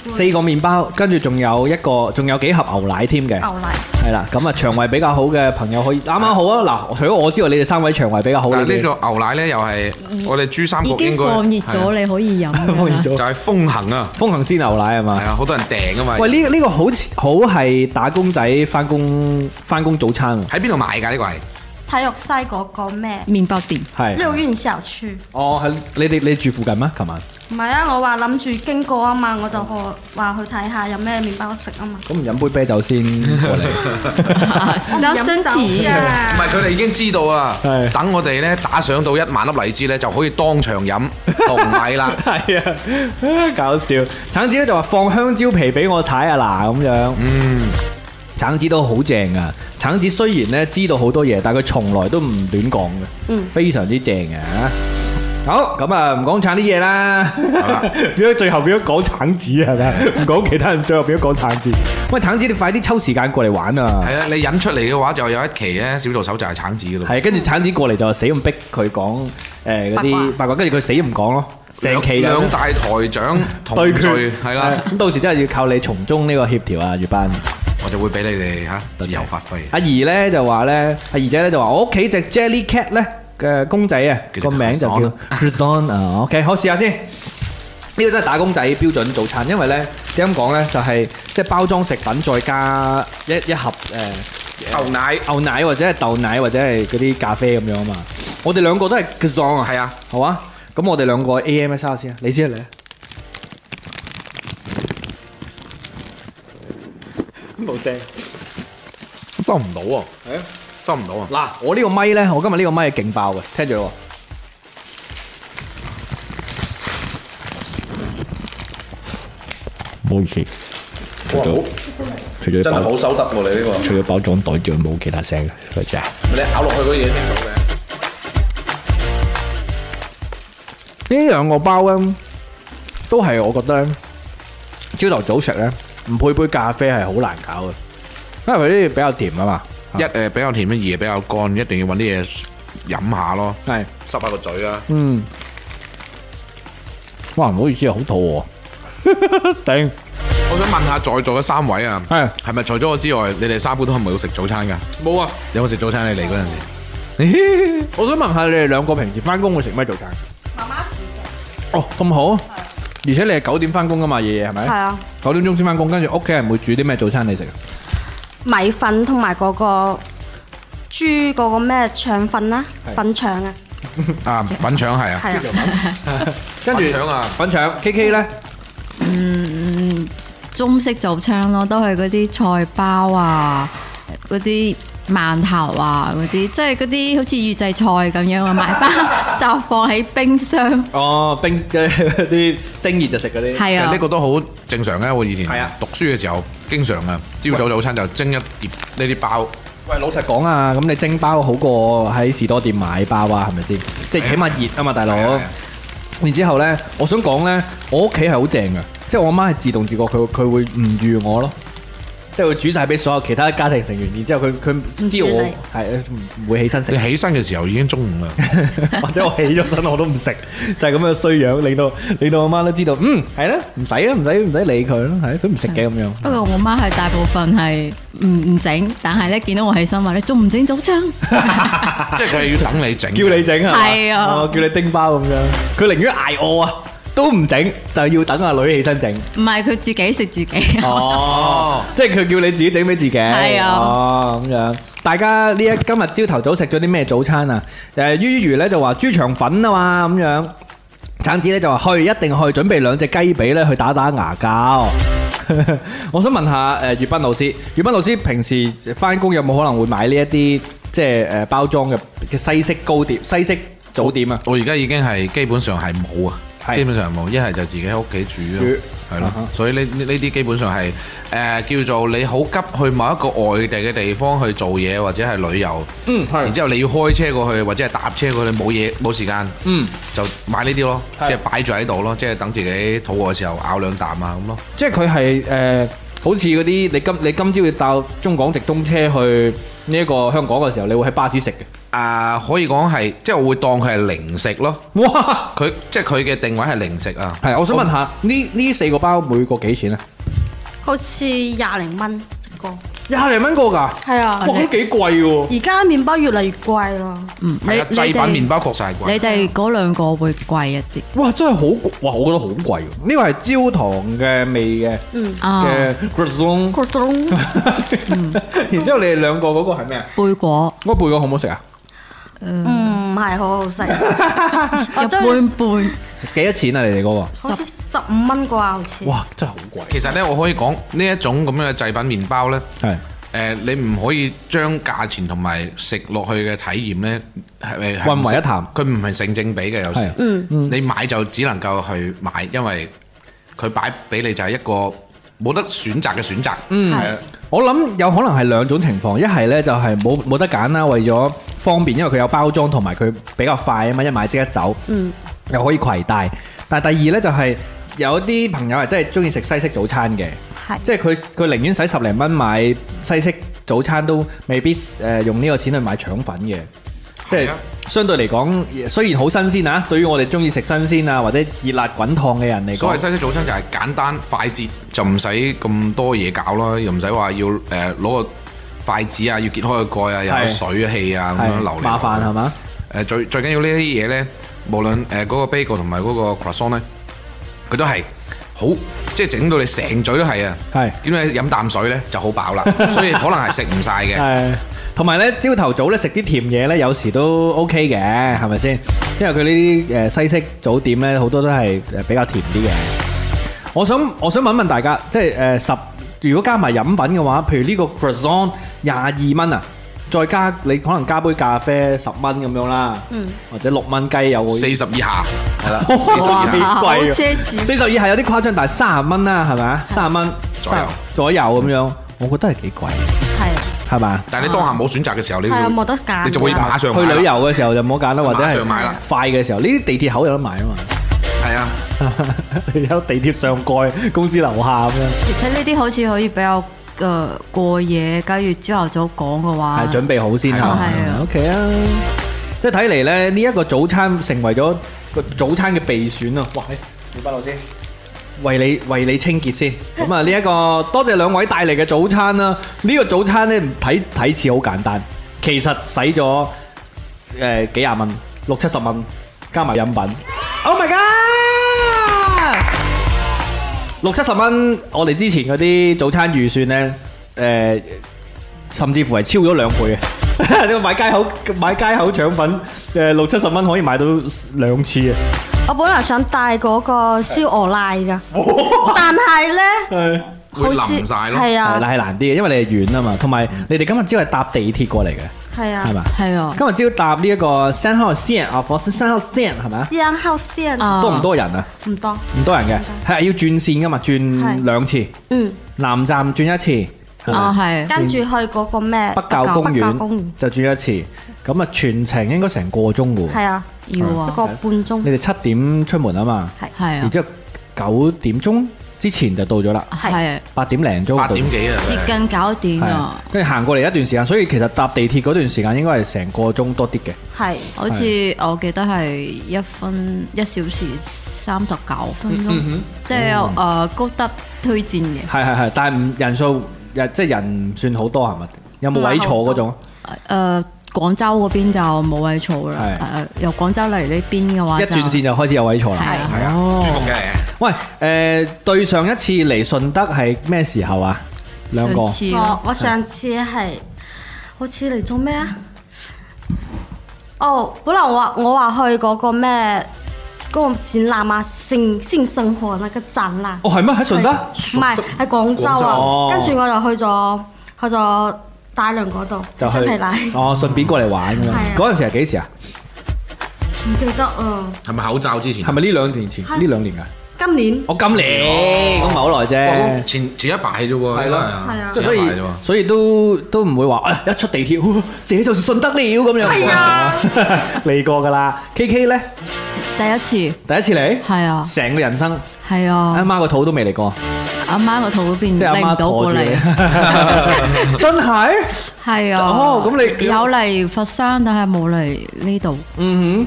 四個麵包，跟住仲有一個，仲有幾盒牛奶添嘅。牛奶係啦，咁啊，腸胃比較好嘅朋友可以啱啱好啊。嗱的，除咗我知道你哋三位腸胃比較好。嗱，呢個牛奶咧又係我哋珠三角應該放熱咗，的你可以飲。 熱了就係風行啊，風行鮮牛奶係嘛？係啊、這個這個，好多人訂啊嘛。喂，呢個呢個好似好係打工仔翻工翻工早餐。喺邊度買噶呢、這個係？體育西嗰個咩麵包店？係溜園小廚。哦，係你哋你住附近嗎？琴晚唔係啊，我話諗住經過啊嘛，我就話、嗯、去睇下有咩麵包食啊嘛。咁唔飲杯啤酒先過嚟。唔係佢哋已經知道啊，是等我哋咧打賞到一萬粒荔枝咧，就可以當場飲糯米啦。係 啊，搞笑！橙子咧就話放香蕉皮俾我踩啊嗱咁樣。嗯。橙子都好正啊！橙子雖然咧知道好多嘢，但佢從來都唔亂講嘅，非常之正嘅吓。好咁啊，唔講橙啲嘢啦，屌，最後變咗講橙子係咪？唔講其他人，最後變咗講橙子。喂，橙子你快啲抽時間過嚟玩啊！係啊，你引出嚟嘅話就有一期咧，小助手就係橙子咯。係，跟住橙子過嚟就死咁逼佢講誒嗰啲八卦，跟住佢死唔講咯。成期兩大台長對決係啦，咁到時真係要靠你從中呢個協調啊，月班。我就會俾你哋嚇自由發揮。阿兒咧就話咧，阿兒姐咧就話我屋企隻 Jelly Cat 咧嘅公仔啊，個名就叫 Cazon 啊。OK，好試下先。呢個真係打工仔標準早餐，因為咧點講咧，就係即係包裝食品再加一一盒誒牛奶、牛奶或者係豆奶或者係嗰啲咖啡咁樣啊嘛。我哋兩個都係 Cazon 啊，係啊，好啊。咁我哋兩個 AMSR 先啊，你先嚟。冇聲，收唔到喎，收唔到啊！嗱，我呢個咪咧，我今日呢個咪係勁爆嘅，聽住咯。冇事，哇，好，真係好收得喎！你呢個，除咗包裝袋仲，冇其他聲嘅，係咪先？你咬落去嗰嘢聽到嘅。呢兩個包咧，都係我覺得咧，朝頭早食咧。唔配杯咖啡係好難搞嘅，因為佢啲嘢比較甜啊嘛，一誒比較甜，乜二又比較乾，一定要揾啲嘢飲下咯。係濕下個嘴啊！嗯，哇唔好意思啊，好肚餓！頂！我想問下在座嘅三位啊，係係咪除咗我之外，你哋三個都係咪要食早餐噶？冇啊！有冇食早餐？你嚟嗰陣時？我想問下你哋兩個平時翻工會食咩早餐？媽媽煮嘅。哦咁好。而且你係九點翻工噶嘛，惹惹係咪？係啊。九點鐘先翻工，跟住屋企人會煮啲咩早餐你食？米粉同埋嗰個豬嗰個咩腸粉啦，粉腸啊。啊，粉腸係啊。跟住。粉腸啊，粉腸。KK 咧？嗯，中式早餐咯，都係嗰啲菜包啊，嗰啲。饅頭啊，嗰啲即係嗰啲好似預製菜咁樣啊，買返就放喺冰箱。哦，冰嘅啲叮熱就食嗰啲。係啊，呢個都好正常啊！我以前係啊，讀書嘅時候經常啊，朝早早餐就蒸一碟呢啲包。喂，老實講啊，咁你蒸包好過喺士多店買包啊，係咪先？即係起碼熱啊嘛，大佬。然之後咧，我想講咧，我屋企係好正嘅，即係我媽係自動自覺，佢佢會唔預我咯。即係會煮晒俾所有其他家庭成員，然之後佢佢知我係唔會起身食。你起身嘅時候已經中午啦，或者我起咗身我都唔食，就係咁嘅衰樣，令到令到我媽都知道，嗯係啦，唔使啦，唔使唔使理佢啦，係都唔食嘅咁樣。不過我媽係大部分係唔唔整，但係咧見到我起身話你，仲唔整早餐？即係佢要等你整，叫你整係嘛？係啊，叫你叮包咁樣，佢寧願挨餓啊！都唔整，就要等阿女起身整。唔係佢自己食自己。哦，即係佢叫你自己整俾自己。係啊。哦，咁樣，大家呢一今日朝頭早食咗啲咩早餐啊？誒，惹惹呢就話豬腸粉啊嘛，咁樣。橙子呢就話去，一定去準備兩隻雞髀呢去打打牙膠。我想問下誒，葉斌老師，葉斌老師平時翻工有冇可能會買呢一啲即係誒包裝嘅嘅西式糕點、西式早點啊？我而家已經係基本上係冇啊。是基本上冇，一係就自己喺屋企煮咯，係咯，所以呢呢啲基本上係誒、呃、叫做你好急去某一個外地嘅地方去做嘢或者係旅遊，嗯，然之後你要開車過去或者係搭車過去冇嘢冇時間，嗯，就買呢啲咯，即係擺住喺度咯，即係等自己肚餓嘅時候咬兩啖啊咁咯。即係佢係誒好似嗰啲你今你今朝要搭中港直通車去呢一個香港嘅時候，你會喺巴士食嘅。啊，可以講係即係我會當佢係零食咯。哇，佢即係佢嘅定位係零食啊。係，我想問下呢呢四個包每個幾錢啊？好似廿零蚊一個。廿零蚊個㗎？係啊。哇，咁幾貴喎！而家麵包越嚟越貴咯。嗯，係啊。製品麵包確實係貴。你哋嗰兩個會貴一啲。哇，真係好哇！我覺得好貴喎。呢個係焦糖嘅味嘅。嗯啊。嘅。然之後你哋兩個嗰個係咩啊？貝果。嗰個貝果好唔好食啊？唔係、嗯、好好食，半半般。幾多錢啊？你哋嗰個好似十五蚊啩，好似。哇！真係好貴。其實咧，我可以講呢一種咁樣嘅製品麵包咧，係誒是、呃、你唔可以將價錢同埋食落去嘅體驗咧，混為一談。佢唔係成正比嘅，有時。嗯是嗯。你買就只能夠去買，因為佢擺俾你就係一個。冇得選擇嘅選擇，嗯，係啊是，我諗有可能係兩種情況，一係呢，就係冇冇得揀啦，為咗方便，因為佢有包裝同埋佢比較快啊嘛，一買即刻走，嗯，又可以攜帶。但係第二呢，就係、是、有啲朋友係真係鍾意食西式早餐嘅，係是，即係佢佢寧願使十零蚊買西式早餐都未必誒用呢個錢去買腸粉嘅。即係相對嚟講，雖然好新鮮啊，對於我哋中意食新鮮啊或者熱辣滾燙嘅人嚟講，所謂西式早餐就係簡單快捷，就唔使咁多嘢搞咯，又唔使話要誒攞個筷子啊，要揭開個蓋啊，又有水氣啊咁樣流流。麻煩係嘛？誒，最最緊要呢啲嘢咧，無論誒嗰個 bagel 同埋咧，朝頭早咧食啲甜嘢咧，有時都 OK 嘅，係咪先？因為佢呢啲誒西式早點咧，好多都係誒比較甜啲嘅。我想我想問問大家，即係誒、呃、十，如果加埋飲品嘅話，譬如呢個 Croissant 廿二蚊啊，再加你可能加杯咖啡十蚊咁樣啦，嗯、或者六蚊雞又會。四十以下係啦，四十 以下好奢四十以下有啲誇張，但係三十蚊啦，係咪？三十蚊左右左右咁樣，我覺得係幾貴。係嘛？但係你當下冇選擇嘅時候，你要冇得揀，你就會馬上去旅遊嘅時候就唔好揀啦，買或者係快嘅時候，呢啲地鐵口有得買啊嘛。係啊， 你有地鐵上蓋公司樓下咁樣。而且呢啲好似可以比較誒過夜，假如朝頭早講嘅話，準備好先嚇。係啊，啊，OK 啊。 即係睇嚟咧，呢、這、一個早餐成為咗個早餐嘅備選啊！嗯、哇，你翻落先。為你為你清潔先，咁啊呢一個多謝兩位帶嚟嘅早餐啦。呢個早餐咧睇睇似好簡單，其實使咗誒幾廿蚊，六七十蚊加埋飲品。Oh my god！六七十蚊，我哋之前嗰啲早餐預算呢？誒、呃。甚至乎係超咗兩倍嘅，呢個買街口買街口腸粉，誒六七十蚊可以買到兩次啊！我本來想帶嗰個燒鵝瀨噶，是但係咧會淋晒係啊，係難啲嘅，因為你係遠啊嘛，同埋你哋今日只係搭地鐵過嚟嘅，係啊，係嘛吧，係啊，今日只要搭呢一個三號線啊，火三號線係嘛？三號線多唔多人啊？唔、哦、多，唔多人嘅，係多、啊、要轉線噶嘛？轉兩次，嗯，南站轉一次。啊，係跟住去嗰個咩北教公園，就轉一次，咁啊全程應該成個鐘噶。係啊，要一個半鐘。你哋七點出門啊嘛，係，然之後九點鐘之前就到咗啦。係，八點零鐘，八點幾啊，接近九點啊。跟住行過嚟一段時間，所以其實搭地鐵嗰段時間應該係成個鐘多啲嘅。係，好似我記得係一分一小時三十九分鐘，即係誒高德推薦嘅。係係係，但係唔人數。即係人，唔算好多係咪？有冇位坐嗰種？誒、嗯呃，廣州嗰邊就冇位坐啦是、呃。由廣州嚟呢邊嘅話，一轉線就開始有位坐啦。係啊，啊哦、舒服嘅。喂，誒、呃，對上一次嚟順德係咩時候啊？兩個，上次哦、我上次係好似嚟做咩啊？哦，嗯 oh, 本來我我話去嗰個咩？嗰個展覽啊，性性生活那個展覽。哦，係咩？喺順德？唔係，喺廣州啊。跟住我就去咗去咗大良嗰度，順便哦，順便過嚟玩咁樣。嗰陣時係幾時啊？唔記得啦。係咪口罩之前？係咪呢兩年前？呢兩年啊？今年。我今年，咁冇耐啫。前前一排啫喎。係啦。係啊。即係所以，所以都都唔會話誒一出地鐵，自己就是順德了咁樣。係啊。嚟過㗎啦，KK 咧。第一次，第一次嚟，係啊，成個人生，係啊，阿媽個肚都未嚟過，阿媽個肚嗰邊即係阿媽馱住，真係，係啊，哦，咁你有嚟佛山，但係冇嚟呢度，嗯哼，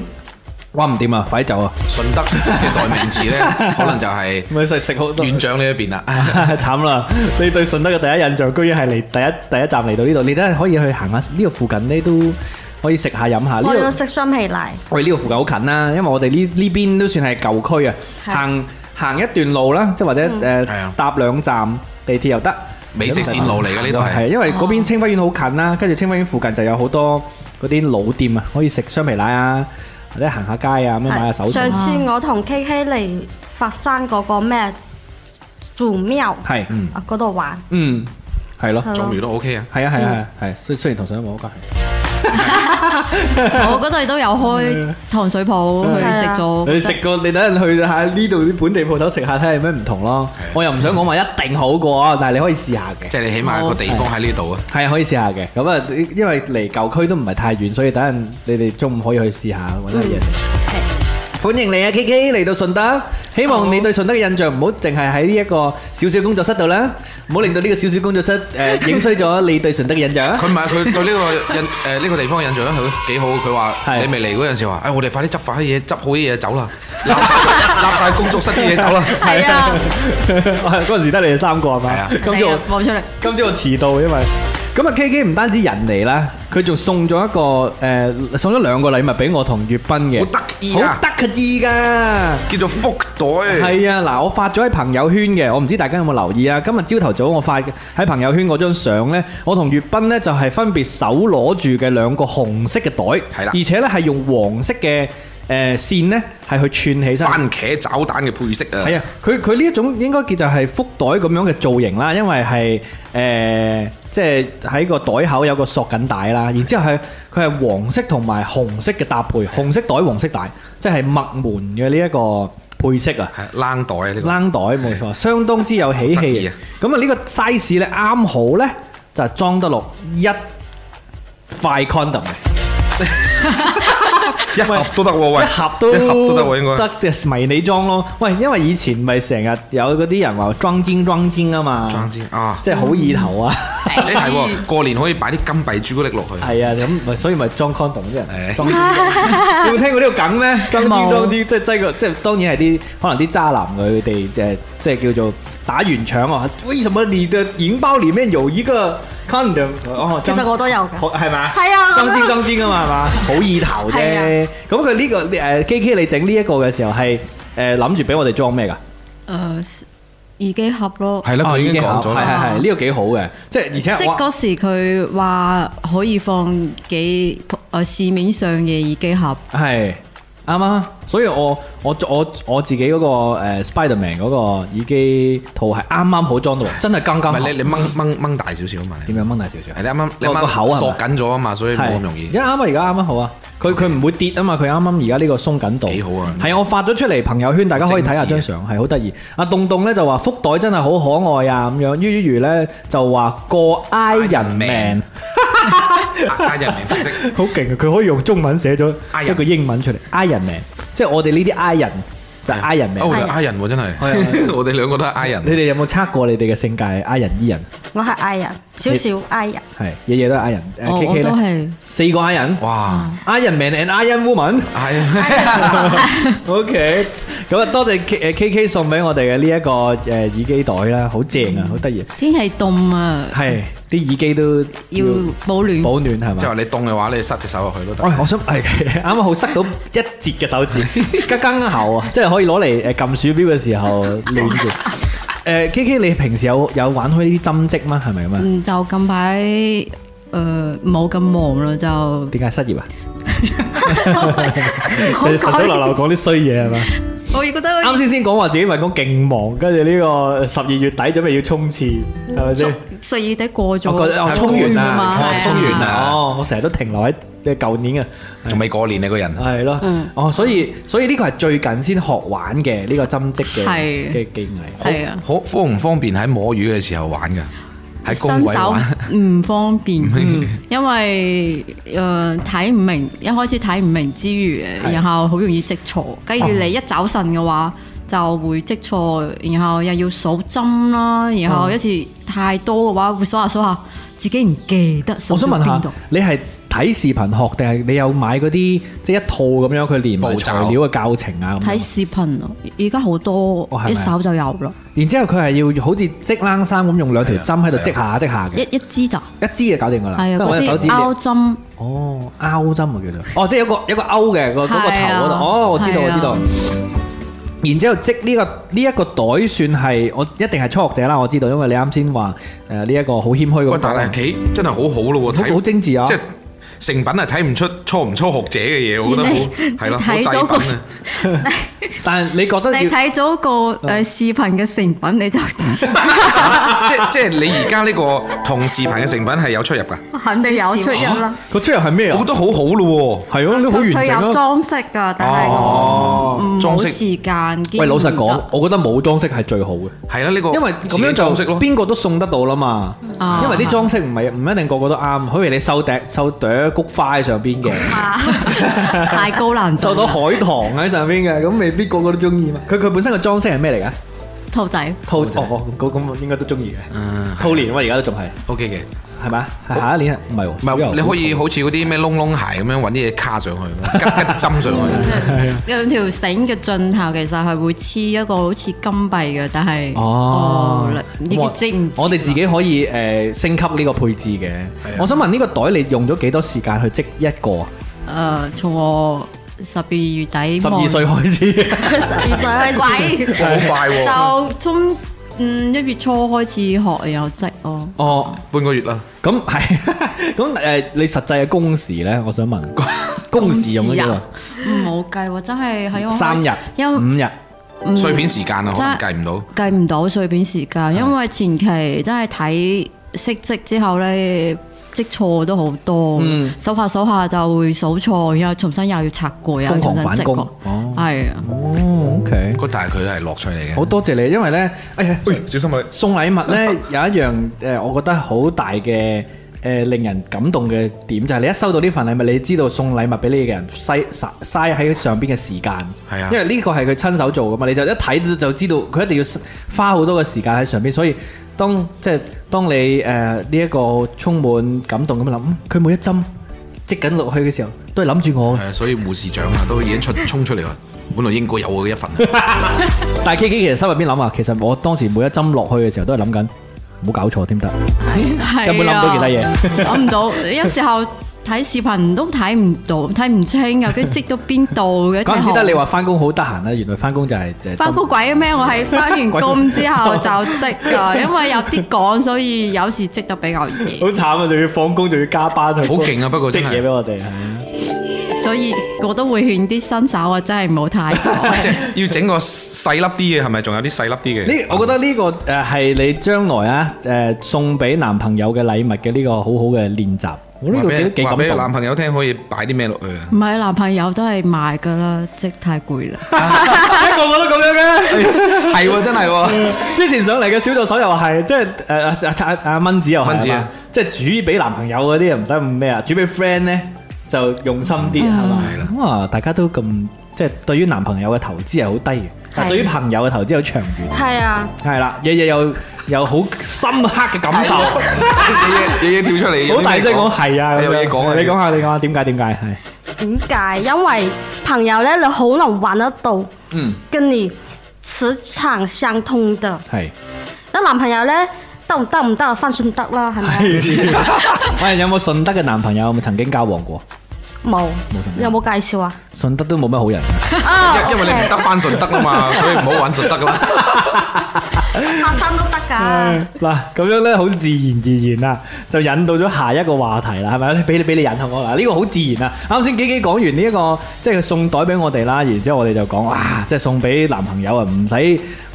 哇唔掂啊，快走啊，順德嘅代名詞咧，可能就係咪食食好院長呢一邊啦，慘啦，你對順德嘅第一印象，居然係嚟第一第一站嚟到呢度，你都係可以去行下呢個附近呢都。可以食下飲下，呢度食雙皮奶。我哋呢個附近好近啦，因為我哋呢呢邊都算係舊區啊，行行一段路啦，即係或者誒搭兩站地鐵又得。美食線路嚟嘅呢度係，係因為嗰邊清暉園好近啦，跟住清暉園附近就有好多嗰啲老店啊，可以食雙皮奶啊，或者行下街啊，咁樣買下手。上次我同 K K 嚟佛山嗰個咩祖廟，係啊嗰度玩，嗯係咯，仲餘都 OK 啊，係啊係啊係啊，雖雖然同上一冇關係。 我嗰度都有開糖水鋪，去食咗。你食過，對你等人去下呢度啲本地鋪頭食下睇下有咩唔同咯。的我又唔想講話一定好過啊，但係你可以試下嘅。即係你起碼個地方喺呢度啊。係可以試下嘅。咁啊，因為嚟舊區都唔係太遠，所以等人你哋中午可以去試下搵啲嘢食。 歡迎你啊，KKay 嚟到順德，希望你對順德嘅印象唔好淨係喺呢一個小小工作室度啦，唔好令到呢個小小工作室誒影衰咗你對順德嘅印象。佢唔係佢對呢個印誒呢個地方嘅印象啦，係幾好。佢話你未嚟嗰陣時話，哎，我哋快啲執翻啲嘢，執好啲嘢走啦，攬曬工作室啲嘢走啦。係啊，嗰陣時得你哋三個係咪？係啊。冇出嚟。今朝我遲到，因為。咁啊！K K 唔單止人嚟啦，佢仲送咗一個誒，送咗兩個禮物俾我同月斌嘅，好得意啊，好得意噶，叫做福袋。係啊，嗱，我發咗喺朋友圈嘅，我唔知大家有冇留意啊。今日朝頭早我發喺朋友圈嗰張相咧，我同月斌咧就係分別手攞住嘅兩個紅色嘅袋，係啦，而且咧係用黃色嘅誒線咧係去串起身，番茄炒蛋嘅配色啊。係啊，佢佢呢一種應該叫做係福袋咁樣嘅造型啦，因為係誒。即係喺個袋口有個索緊帶啦，是的 然之後係佢係黃色同埋紅色嘅搭配，是的 紅色袋黃色帶，即係麥門嘅呢一個配色啊。係冷袋呢個。冷袋冇、這個、錯，是的 相當之有喜氣。咁啊呢，呢個 size 咧啱好咧，就係、是、裝得落一塊 condom。 一盒都得喎，喂！一盒都一盒都得喎，應該得嘅迷你裝咯。喂，因為以前咪成日有嗰啲人話裝精裝精啊嘛，裝精啊，即係好意頭啊。你係喎，過年可以擺啲金幣朱古力落去。係啊，咁咪所以咪裝 condom 啲人。誒，裝精，有冇聽過呢個梗咩？裝精裝精，即係即係，即係當然係啲可能啲渣男佢哋誒，即係叫做。打完搶啊！為什麼你的影包裡面有一個 condom？哦，其實我都有嘅，係咪？係啊，裝尖裝尖啊嘛，係嘛？好意頭啫。咁佢呢個誒 KK，你整呢一個嘅時候係誒諗住俾我哋裝咩㗎？誒耳機盒咯。係咯，佢已經講咗。係係係，呢個幾好嘅，即係而且即嗰時佢話可以放幾誒市面上嘅耳機盒係。啱啊！所以我我我我自己嗰個誒 Spiderman 嗰個耳機套係啱啱好裝到，真係啱啱你你掹掹掹大少少啊嘛？點樣掹大少少？係啱啱，你掹個口縮緊咗啊嘛，所以冇咁容易。而家啱啊，而家啱啱好啊，佢佢唔會跌啊嘛，佢啱啱而家呢個鬆緊度幾好啊！係啊，我發咗出嚟朋友圈，大家可以睇下張相，係好得意。阿棟棟咧就話福袋真係好可愛啊咁樣，于于咧就話個 Iron Man。」I 人 Man，好勁啊！佢可以用中文寫咗一個英文出嚟，I 人名，Man，即係我哋呢啲 I 人就 I 人 Man，I 人 I 人，真係，嗯，我哋兩個都係 I 人。你哋有冇測過你哋嘅性格？「I 人 E 人，我係 I 人，少少 I 人，係，夜夜都係 I 人。哦、K K 都係，四個 I 人，哇！I 人 Man and I 人 woman，係，OK，咁啊，多謝 K K，K 送俾我哋嘅呢一個誒耳機袋啦，好正啊，好得意。天氣凍啊，係。啲耳機都要保暖，保暖係嘛？即係話你凍嘅話，你塞隻手落去都得。我我想係啱啱好塞到一截嘅手指，吉吉口啊，即係可以攞嚟誒撳鼠標嘅時候暖住。誒 K K，你平時有有玩開啲針織嗎？係咪啊？嗯，就近排誒冇咁忙啦，就點解失業啊？晨早流流講啲衰嘢係嘛？我亦覺得啱先先講話自己份工勁忙，跟住呢個十二月底準備要衝刺，係咪先？十二月底過咗，我覺得我衝完啦，衝完啦。啊、哦，我成日都停留喺即係舊年啊，仲未過年你個人。係咯的，嗯、哦，所以所以呢個係最近先學玩嘅呢個針織嘅嘅技藝。係啊是，好方唔方便喺摸魚嘅時候玩噶？新手唔方便， 嗯、因為誒睇唔明，一開始睇唔明之餘，是的 然後好容易積錯。假如你一走神嘅話，就會積錯，哦、然後又要數針啦。然後一次太多嘅話，會數下數下，自己唔記得數到邊度。我想問下，你係，睇視頻學定係你有買嗰啲即係一套咁樣佢連埋材料嘅教程啊？睇視頻而家好多一手就有啦。然之後佢係要好似織冷衫咁，用兩條針喺度織下織下嘅。一一支就一支就搞掂㗎啦。係啊，我啲勾針哦，勾針啊，叫做哦，即係有個一個勾嘅個嗰個頭嗰度哦，我知道，我知道。然之後織呢個呢一個袋算係我一定係初學者啦，我知道，因為你啱先話誒呢一個好謙虛嘅。但係佢真係好好咯，睇好精緻啊！即係。成品係睇唔出初唔初學者嘅嘢，我覺得係咯，好製。但係你覺得你睇咗個誒視頻嘅成品，你就即即係你而家呢個同視頻嘅成品係有出入㗎。肯定有出入啦。個出入係咩？我覺得好好咯喎，係咯，都好完整咯。裝飾㗎，但係唔裝飾時間。喂，老實講，我覺得冇裝飾係最好嘅，係啦，呢個因為咁樣就邊個都送得到啦嘛。因為啲裝飾唔係唔一定個個都啱，好如你收笛收菊花喺上邊嘅，太高難度。收到海棠喺上邊嘅，咁 未必個個都中意嘛。佢佢本身個裝飾係咩嚟噶？兔仔，兔仔，哦咁咁，應該都中意嘅。嗯、啊，兔年嘛，而家都仲係 OK 嘅。係咪？下一年唔係，唔係，你可以好似嗰啲咩窿窿鞋咁樣揾啲嘢卡上去，吉吉針上去。兩條繩嘅盡頭其實係會黐一個好似金幣嘅，但係哦，呢啲積唔？我哋自己可以誒升級呢個配置嘅。我想問呢個袋你用咗幾多時間去積一個啊？誒，從我十二月底十二歲開始，十二歲開始好快喎，就中。嗯，一月初開始學又職、啊、哦，哦，半個月啦，咁係、嗯，咁誒、嗯，你實際嘅工時咧，我想問工時有冇嘢？冇、啊嗯、計喎，真係喺因三日，因五日碎片時間啊，嗯、可能計唔到，計唔到碎片時間，的因為前期真係睇息職之後咧。積錯都好多，嗯、手下手下就會數錯，然後重新又要拆過，然後重新積過哦，係啊對、哦。OK，但係佢係樂趣嚟嘅。好多謝你，因為呢，哎呀，喂、哎，欸、小心啊！送禮物呢，有一樣誒，我覺得好大嘅誒，令人感動嘅點就係、是、你一收到呢份禮物，你知道送禮物俾你嘅人嘥曬嘥喺上邊嘅時間，係啊，因為呢個係佢親手做㗎嘛，你就一睇就知道佢一定要花好多嘅時間喺上邊，所以。當即係當你誒呢一個充滿感動咁諗，佢每一針即緊落去嘅時候，都係諗住我嘅。係，所以護士長啊，都已經衝出衝出嚟啦。 本來應該有我嘅一份，啊。 但係 KKay 其實心入邊諗啊，其實我當時每一針落去嘅時候，都係諗緊，唔好搞錯添得，根本諗唔到其他嘢。諗唔到，有時候。睇視頻都睇唔到，睇唔清嘅，跟織到邊度嘅。唔知得你話翻工好得閒咧，原來翻工就係即係翻工鬼咩？我係翻完工之後就織噶，因為有啲趕，所以有時織得比較夜。好慘啊！仲要放工，仲要加班，好勁啊！不過織嘢俾我哋，所以我都會勸啲新手啊，真係唔好太即係。要整個細粒啲嘅係咪？仲有啲細粒啲嘅？呢，我覺得呢個誒係你將來啊誒送俾男朋友嘅禮物嘅呢個好好嘅練習。話俾男朋友聽，可以擺啲咩落去啊？唔係男朋友都係賣噶啦，即太攰啦。個 個 都咁樣嘅，啊，係 真係。 之前上嚟嘅小助手又係，即係誒誒阿阿蚊子又蚊子啊，即係煮俾男朋友嗰啲又唔使咁咩啊，煮俾 friend 咧就用心啲係咪？咁啊，大家都咁即係對於男朋友嘅投資係好低嘅，但係對於朋友嘅投資好長遠。係啊的，係啦，亦亦又。有好深刻嘅感受，惹惹跳出嚟，好大聲講係啊，有嘢講啊，你講下你講下點解點解係？點解？因為朋友咧，你好難揾得到，嗯，跟你磁場相通嘅係。啲男朋友咧，得唔得唔得啊？翻順德啦，係咪？喂，有冇順德嘅男朋友咪曾經交往過？冇，冇有冇介紹啊？順德都冇咩好人，因因為你唔得翻順德啊嘛，所以唔好揾順德噶啦。發生都得噶，嗱咁樣咧，好自然而然啦，就引到咗下一個話題啦，係咪咧？俾你俾你引下我啦，呢個好自然啊！啱先，幾幾講完呢一個，即係佢送袋俾我哋啦，然之後我哋就講啊，即係送俾男朋友啊，唔使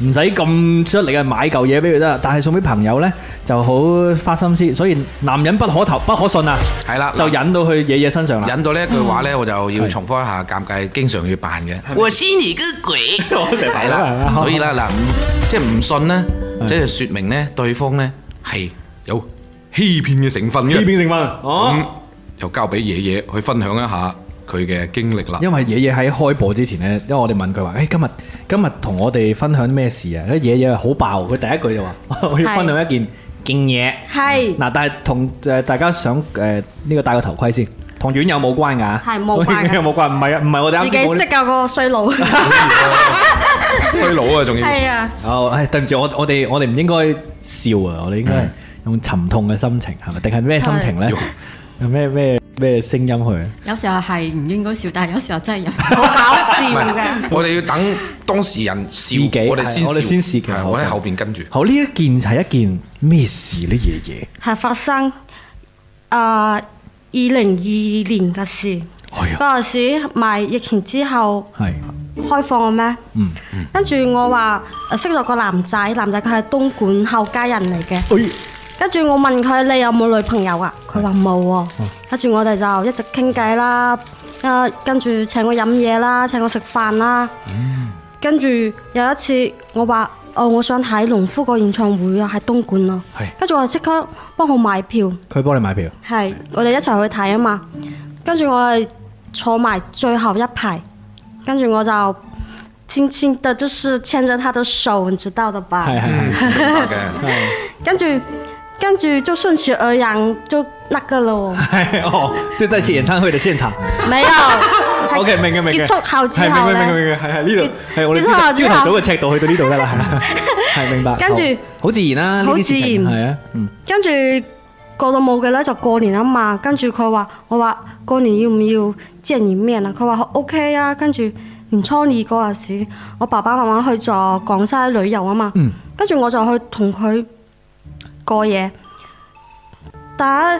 唔使咁出力啊，買嚿嘢俾佢得啦。但係送俾朋友咧就好花心思，所以男人不可投不可信啊！係啦，就引到去惹惹身上啦。引到呢一句話咧，我就要重複一下，尷尬，經常要扮嘅。我信你個鬼！我成日睇啦，所以啦嗱，即係唔信。咧，即係說明咧，對方咧係有欺騙嘅成分嘅，欺騙成分，哦，咁又交俾惹惹去分享一下佢嘅經歷啦。因為惹惹喺開播之前咧，因為我哋問佢話，誒，今日今日同我哋分享咩事啊？啲惹惹好爆，佢第一句就話：我要分享一件勁嘢。係嗱，但係同誒大家想誒呢個戴個頭盔先。同院有冇關噶？係冇關嘅，冇關。唔係啊，唔係我哋啱先自己識教個衰佬，衰佬啊，仲要係啊。哦，唉，對唔住，我我哋我哋唔應該笑啊，我哋應該用沉痛嘅心情，係咪？定係咩心情咧？用咩咩咩聲音去？有時候係唔應該笑，但係有時候真係好搞笑嘅。我哋要等當事人笑，我哋先笑，我哋先笑。我喺後邊跟住。好，呢一件係一件咩事咧？爺爺係發生誒。二零二二年嘅事嗰陣時，咪、哎、呀疫情之後是開放嘅咩？跟住、嗯嗯、我話、嗯、識咗個男仔，男仔佢係東莞厚街人嚟嘅。跟住、哎、呀我問佢：你有冇女朋友啊？佢話冇喎。跟住、嗯、我哋就一直傾偈啦，跟住請我飲嘢啦，請我食飯啦。跟住有一次我，我話。哦，我想睇農夫個演唱會啊，喺東莞咯。係。跟住我即刻幫我買票。佢幫你買票？係是，是我哋一齊去睇啊嘛。跟住我係坐埋最後一排。跟住我就輕輕的，就是牽着他的手，你知道的吧？的嗯、 跟住跟住就順其而然就。那個咯，係 哦，即係再次演唱會嘅現場。沒有。O K，每個每個。結束後之後。每個係係呢度，係我哋。朝頭早嘅尺度去到呢度噶啦，係。明白。跟住好自然啦，好自然係啊，跟住過到冇嘅咧，就過年啊嘛。跟住佢話，我話過年要唔要見一面啊？佢話 O K 啊。跟住年初二嗰陣時，我爸爸媽媽去咗廣西旅遊啊嘛。跟住、嗯、我就去同佢過夜，但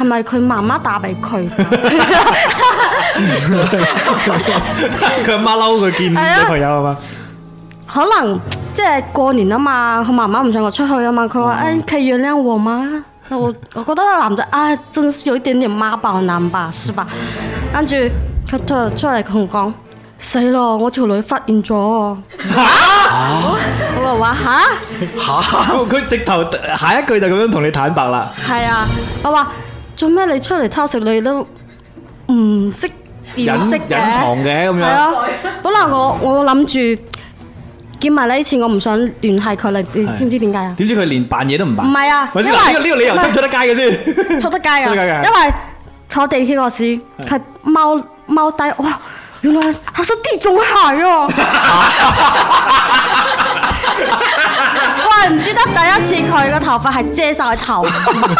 係咪佢媽媽打俾佢？佢阿媽嬲佢見面女朋友係嘛？可能即係過年啊嘛，佢媽媽唔想我出去啊嘛。佢話誒，佢原諒我喎嘛。我我覺得個男仔啊、哎，真係有一點點媽寶男吧，是吧？跟住佢出嚟，出嚟同我講，死咯，我條女發現咗。啊啊、我話吓吓，佢、啊、 直頭下一句就咁樣同你坦白啦。係啊，我話。做咩你出嚟偷食你都唔識掩藏嘅？咁啊，本來我我諗住見埋呢次我唔想聯繫佢啦，你知唔知點解啊？點知佢連扮嘢都唔扮？唔係啊，因為呢個理由出得街嘅先，出得街啊。因為坐地鐵嗰時佢踎踎低哇。原來他是地中海哦！喂，唔知得第一次佢嘅頭髮，係遮晒頭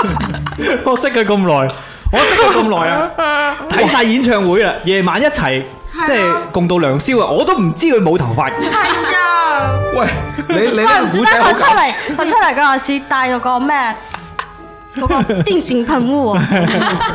我。我識佢咁耐，我識佢咁耐啊，睇晒演唱會啦，夜晚一齊 即係共度良宵啊！我都唔知佢冇頭髮。係啊！喂，你你阿唔 知得卡。我 出嚟，我 出嚟嗰陣時帶咗個咩？ 嗰個定型噴霧，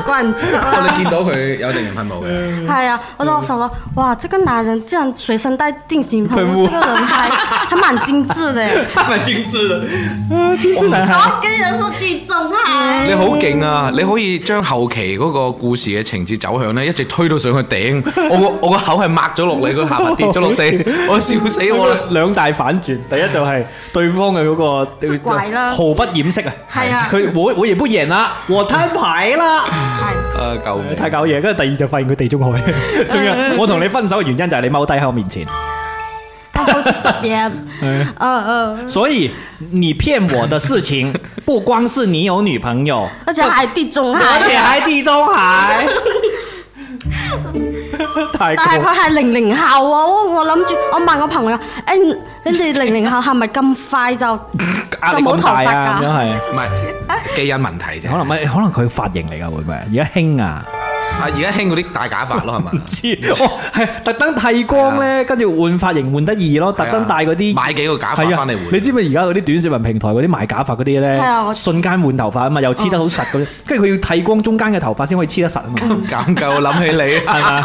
怪唔之啦。我哋見到佢有定型噴霧嘅。係啊，我就話實話，哇，這個男人竟然隨身帶定型噴霧，地中海，還蠻精致嘅，蠻精致嘅，啊，天！我跟人說地中海。你好勁啊！你可以將後期嗰個故事嘅情節走向呢，一直推到上去頂。我我個口係擘咗落嚟，個下巴跌咗落地，我笑死我。兩大反轉，第一就係對方嘅嗰個，就怪啦，毫不掩飾啊，係啊，佢也不演啦？我攤牌啦！ 啊、搞太搞太搞嘢！跟住 第二就發現佢地中海，仲 有我同你分手嘅原因就係你踎低喺我面前。所以你騙我的事情， 不光是你有女朋友，而且係地中海，而且係地中海。太，但係佢係零零後啊！我我諗住，我問個朋友，誒、欸，你哋零零後係咪咁快就？ 壓力咁大啊，咁樣係，唔係基因問題啫，可能咩？可能佢髮型嚟噶會唔會？而家興啊，啊而家興嗰啲戴假髮咯，係咪？黐，特登剃光咧，跟住換髮型換得意咯，特登戴嗰啲，買幾個假髮翻嚟換。你知唔知而家嗰啲短視頻平台嗰啲賣假髮嗰啲咧？係啊，瞬間換頭髮啊嘛，又黐得好實啲。跟住佢要剃光中間嘅頭髮先可以黐得實啊嘛。咁敢㗋，我諗起你係嘛？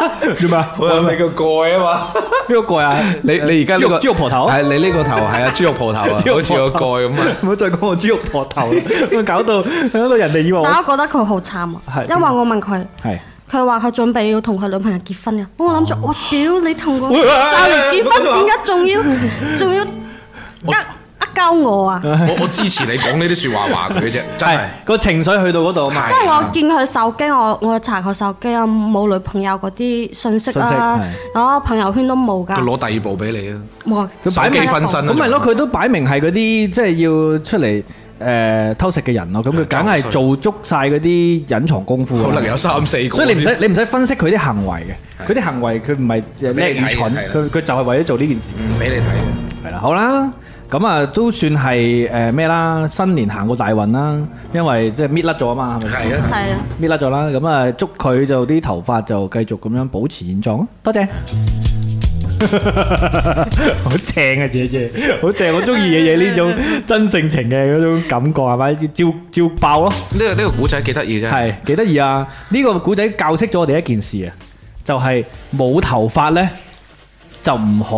做咩？我諗起個蓋啊嘛，邊個蓋啊？ 你你而家呢個豬肉，肉婆頭係？你呢個頭係啊？豬肉婆頭啊，好似個蓋咁啊！唔好再講我豬肉婆頭啦，搞 到搞到人哋以為。但我覺得佢好慘啊，係，因為我問佢，係是，佢話佢準備要同佢女朋友結婚啊。我諗住，我屌、哦、你同佢就嚟結婚，點解仲要仲要呃？教我啊！我我支持你講呢啲說話話佢嘅啫，就係個情緒去到嗰度啊嘛。即係我見佢手機，我我查佢手機啊，冇女朋友嗰啲信息啦，啊朋友圈都冇噶。佢攞第二部俾你啊，冇。佢擺明分身，咁咪咯。佢都擺明係嗰啲即係要出嚟誒偷食嘅人咯。咁佢梗係做足晒嗰啲隱藏功夫。可能有三四個。所以你唔使你唔使分析佢啲行為嘅，佢啲行為佢唔係咩蠢，佢佢就係為咗做呢件事。唔俾你睇嘅，係啦，好啦。咁啊，都算係誒咩啦？新年行過大運啦，因為即係搣甩咗啊嘛，係咪對？係啊，搣甩咗啦，咁啊，祝佢就啲頭髮就繼續咁樣保持現狀咯。多謝。好正 啊，姐姐，好正， 我中意嘅嘢呢種真性情嘅嗰種感覺係咪？照照爆咯！呢個呢個古仔幾得意啫，係幾得意啊！呢個古仔教識咗我哋一件事啊，就係冇頭髮咧。就唔好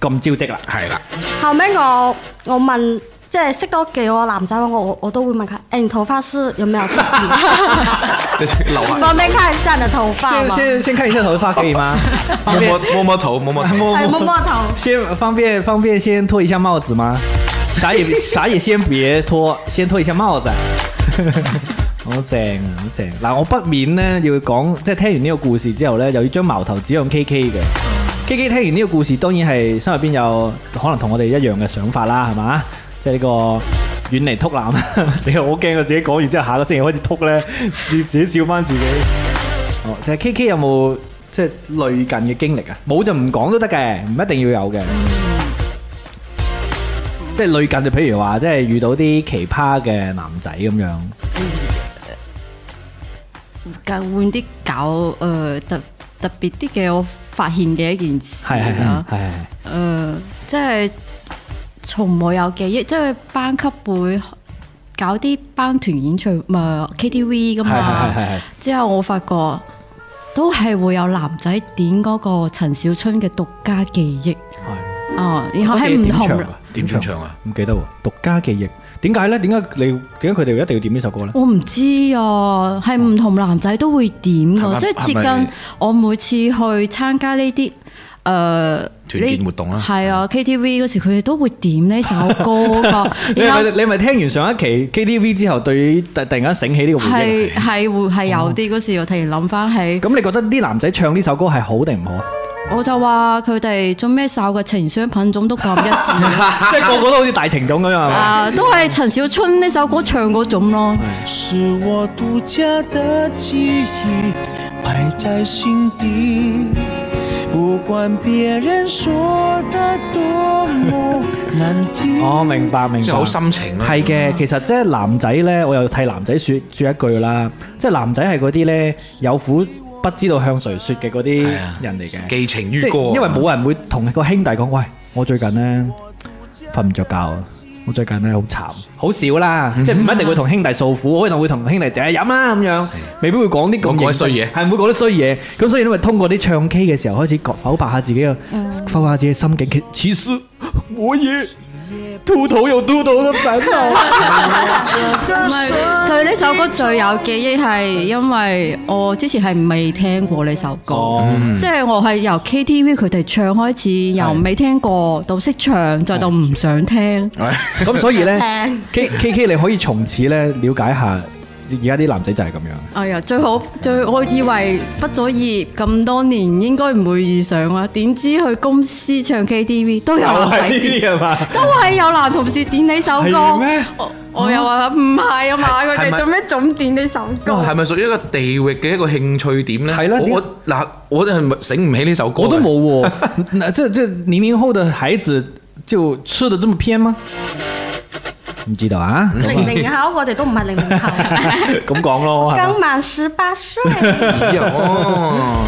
咁招積啦，係啦。後尾我我問，即係識多幾個男仔我我都會問佢，誒、欸，你頭髮絲有冇啊？方便 看一下你的頭髮嗎？先先，先看一下頭髮可以嗎？方便 摸摸頭，摸摸摸摸摸頭。先方便方便先脫一下帽子嗎？啥也啥也先別拖，先脫一下帽子。 好正好正，嗱，我不免咧要講，即係聽完呢個故事之後咧，又要將矛頭指向 K K 嘅。嗯 K K 聽完呢個故事，當然係心入邊有可能同我哋一樣嘅想法啦，係嘛？即係呢個遠離禿男，你好驚我自己講完之後下個星期開始禿咧，自己笑翻自己。哦，其實 K K 有冇即係類近嘅經歷啊？冇就唔講都得嘅，唔一定要有嘅。 即係類近就譬如話，即係遇到啲奇葩嘅男仔咁樣。換啲搞誒特特別啲嘅。發現嘅一件事啦，誒、呃，即係從冇有記憶，即係班級會搞啲班團演唱，唔、呃、啊 KTV 噶嘛，之後我發覺都係會有男仔點嗰個陳小春嘅獨家記憶，哦的，然後係唔同點唱啊？唔記得喎，獨家記憶點解咧？點解你點解佢哋一定要點呢首歌咧？我唔知啊，係唔同男仔都會點㗎，嗯、即係接近是是我每次去參加呢啲誒團建活動啦、啊，係啊，K T V 嗰時佢哋都會點呢首歌，冇錯。 你你咪聽完上一期 K T V 之後，對突突然間醒起呢個係係會係有啲嗰時又、哦、突然諗翻起。咁你覺得啲男仔唱呢首歌係好定唔好？我就話佢哋做咩哨嘅情商品種都咁一致、啊， 即係個個都好似大情種咁樣，係嘛？啊，都係陳小春呢首歌唱嗰種咯、啊。 是我獨家的記憶，埋在心底，不管別人說得多麼難聽。我、 哦、明白，明白，即係心情。係嘅，其實即係男仔咧，我又替男仔説説一句啦，即、就、係、是、男仔係嗰啲咧有苦。不知道向誰説嘅嗰啲人嚟嘅，寄情於歌，即係因為冇人會同個兄弟講，喂，我最近咧瞓唔著覺啊，我最近咧好慘，好少啦，即係唔一定會同兄弟訴苦，可能會同兄弟仔飲啦咁樣，未必會講啲咁嘅衰嘢，係唔會講啲衰嘢，咁所以都係通過啲唱 K 嘅時候開始剖白下自己嘅，剖白自己嘅心境。其實，我要。嘟到又嘟到都等我，唔係對呢首歌最有記憶係，因為我之前係未聽過呢首歌，即係、嗯、我係由 KTV 佢哋唱開始，由未聽過到識唱，再到唔想聽，咁、嗯、所以咧 K K K 你可以從此咧了解下。而家啲男仔就係咁樣。哎呀，最好最我以為畢咗業咁多年應該唔會遇上啦，點知去公司唱 KTV 都有。 都係啲係嘛？都係有男同事點你首歌。咩嗎？我又話唔係啊嘛，佢哋做咩總點呢首歌？係咪屬於一個地域嘅一個興趣點咧？係啦。我嗱，我就係醒唔起呢首歌。我都冇喎、哦。嗱， 即係即係零零後的孩子，就出得這麼偏嗎？唔知道啊？零零後我哋都唔係零零後，咁講咯。剛滿十八歲。哦，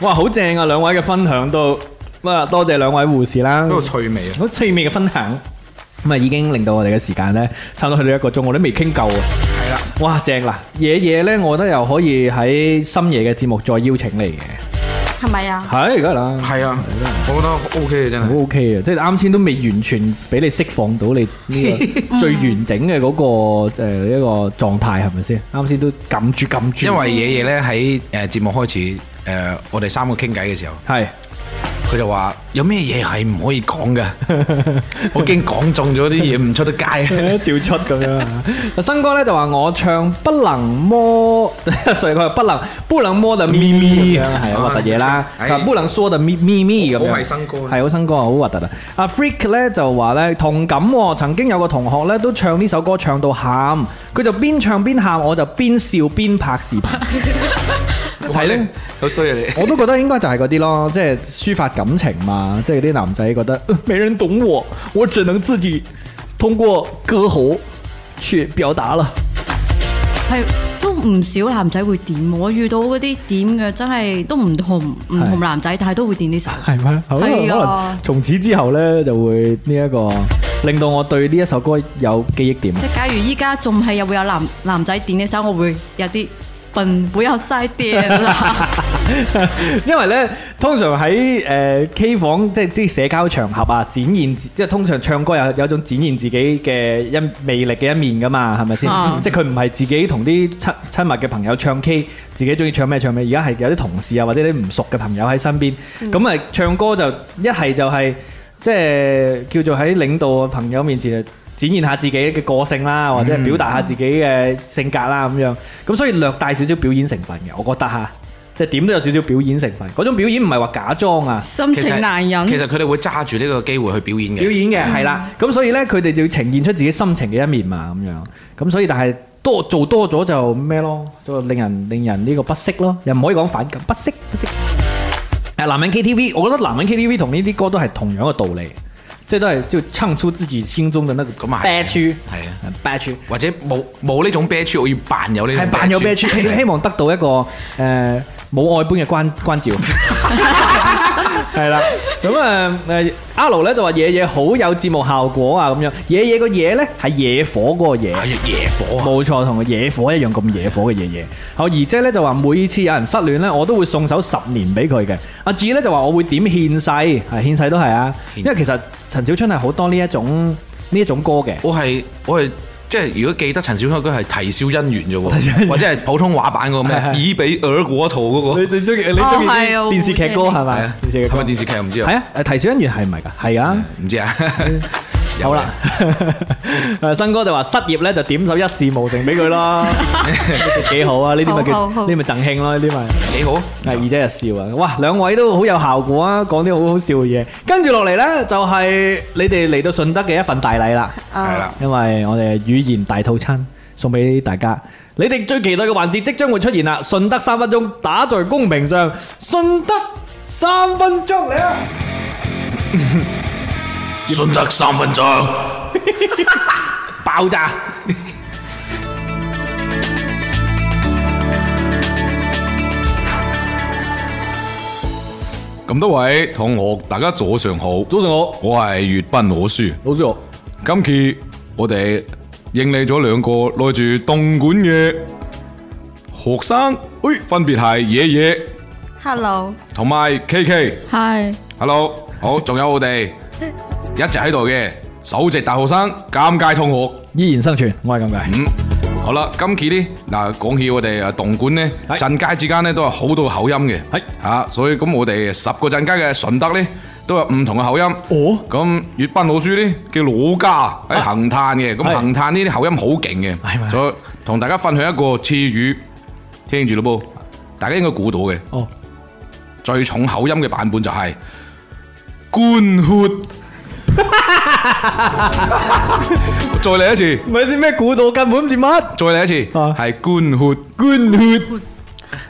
哇，好正啊！兩位嘅分享都，乜多謝兩位護士啦。都好趣味啊！好趣味嘅分享，咁啊已經令到我哋嘅時間咧，差唔多去到一個鐘，我都未傾夠啊。係啦，哇，正啦！夜夜咧，我覺得又可以喺深夜嘅節目再邀請你嘅。係咪啊？係而家啦，係啊，我覺得 O K 嘅真係，O K 嘅，即係啱先都未完全俾你釋放到你呢個最完整嘅嗰、嗰個誒一 個狀態，係咪先？啱先都撳住撳住。住因為惹惹咧喺誒節目開始誒、呃，我哋三個傾偈嘅時候係。佢就話：有咩嘢係唔可以講嘅？我驚講中咗啲嘢唔出得街，照出咁樣。新哥咧就話：我唱不能摸，所以佢話不能不能摸就咪咪，係好核突嘢啦。不能說就咪咪咁樣，好係新歌，係好新歌好核突啊！阿 Frick 咧就話咧同感喎，曾經有個同學咧都唱呢首歌唱到喊，佢就邊唱邊喊，我就邊笑邊拍視頻。係咧，好衰啊！你我都覺得應該就係嗰啲咯，即係抒發感。感情嘛，即係啲男仔覺得、呃，沒人懂我，我只能自己通過歌喉去表達啦。係都唔少男仔會點我，我遇到嗰啲點嘅真係都唔同唔同男仔，是但係都會點呢首。係咪？係啊。從的此之後呢，就會呢、這、一個令到我對呢一首歌有記憶點。即係假如依家仲係有會有男男仔點呢首，我會有啲。本，不要再掂啦，因為咧通常喺誒 K 房即係啲社交場合啊，展現即係通常唱歌有有一種展現自己嘅一魅力嘅一面噶嘛，係咪先？嗯、即係佢唔係自己同啲親親密嘅朋友唱 K，自己中意唱咩唱咩。而家係有啲同事啊，或者啲唔熟嘅朋友喺身邊，咁啊、嗯、唱歌就一係就係、是、即係叫做喺領導啊朋友面前。展現下自己嘅個性啦，或者表達下自己嘅性格啦，咁、mm hmm. 樣咁所以略帶少少表演成分嘅，我覺得吓，即係點都有少少表演成分。嗰種表演唔係話假裝啊，心情難忍。其實佢哋會揸住呢個機會去表演嘅，表演嘅係啦。咁、mm hmm. 所以呢，佢哋就要呈現出自己心情嘅一面嘛，咁樣咁所以但係多做多咗就咩咯，就令人令人呢個不適咯，又唔可以講反感，不適不適。誒、啊，男人 K T V，我覺得男人 K T V 同呢啲歌都係同樣嘅道理。即係都係，就唱出自己心中嘅，那個咁啊！悲催係啊，悲催酒，或者冇冇呢種悲催，我要扮有呢種，係扮有悲催， 希望得到一個誒冇、呃、愛般嘅關關照。 係啦，咁啊，阿盧咧就話惹惹好有節目效果，惹惹啊，咁樣惹惹個惹咧係野火嗰個野，野火啊，冇錯，同個野火一樣咁，野火嘅惹惹。好二姐咧就話每次有人失戀咧，我都會送首十年俾佢嘅。阿志咧就話我會點獻世，係獻世都係啊，獻因為其實陳小春係好多呢一種呢一種歌嘅。我係我係。即係如果記得陳小春佢係啼笑姻緣啫喎，或者係普通話版嗰個咩耳比耳果圖嗰個，你最中意你中意啲電視劇歌係咪啊？係咪電視劇唔知啊？係啊，誒啼笑姻緣係唔係㗎？係啊，唔知啊。有啦，新哥就話失業咧就點首一事無成俾佢囉，幾好啊，呢啲咪叫，呢啲咪贈慶囉，呢啲咪幾好啊。二姐就笑啊，哇，兩位都好有效果啊，講啲好好笑嘅嘢。跟住落嚟呢，就係你哋嚟到順德嘅一份大禮啦，係啦，因為我哋語言大套餐送俾大家。你哋最期待嘅環節即將會出現啦，順德三分鐘打在公屏上，順德三分鐘嚟啊！順德三分鐘，爆炸！咁 多樂位同學，大家早上好，早上好，我係粵賓我書，老師好。今期我哋應利咗兩個耐住凍管嘅學生，誒、哎，分別係惹惹，Hello，同埋 KKay，係，Hello，好，仲有我哋。 一直喺度嘅首席大學生，尷尬痛苦依然生存，我係尷尬。嗯，好啦，今期咧嗱，講起我哋啊，東莞咧鎮街之間咧都有好多口音嘅，係吓是、啊，所以咁我哋十個鎮街嘅順德咧都有唔同嘅口音。哦，咁粵賓老師咧叫老家喺橫炭嘅，咁橫炭呢啲口音好勁嘅。係嘛？再同大家分享一個詞語，聽住咯噃，大家應該估到嘅。哦，最重口音嘅版本就係官血。再嚟一次，唔係啲咩古道，根本唔知乜。再嚟一次，係 goon hood，goon hood。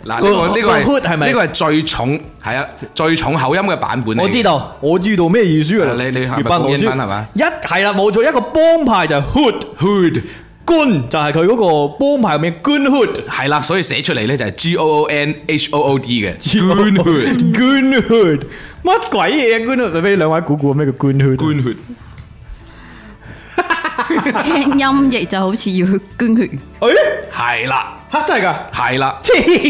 嗱，呢個呢個係，呢個係最重係啊，最重口音嘅版本。我知道，我知道咩意思啊？你你粵北粵拼係嘛？一係啦，冇錯，一個幫派就 hood hood，goon 就係佢嗰個幫派名 goon hood。係啦，所以寫出嚟咧就係 g o o n h o o d 嘅 goon hood，goon hood。乜鬼嘢啊？捐血，跟住就畀兩位估估咩叫捐血？捐血，聽音嘢就好似要去捐血，捐血。誒，係啦，嚇真係㗎，係啦。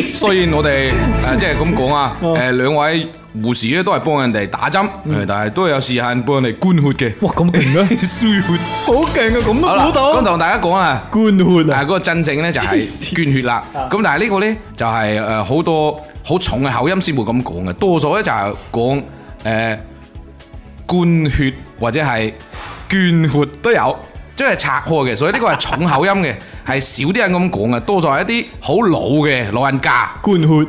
雖然我哋誒即係咁講啊，誒兩位。護士咧，都係幫人哋打針，誒，但係都係有時限幫人哋捐血嘅。哇，咁勁啊！輸血好勁啊！咁都估到。咁同大家講啊，灌血啊，嗰個真正咧就係捐血啦。咁但係呢個咧就係誒好多好重嘅口音先會咁講嘅，多數咧就係講誒灌血或者係捐血都有，即係拆開嘅。所以呢個係重口音嘅，係少啲人咁講嘅，多數係一啲好老嘅老人家捐血。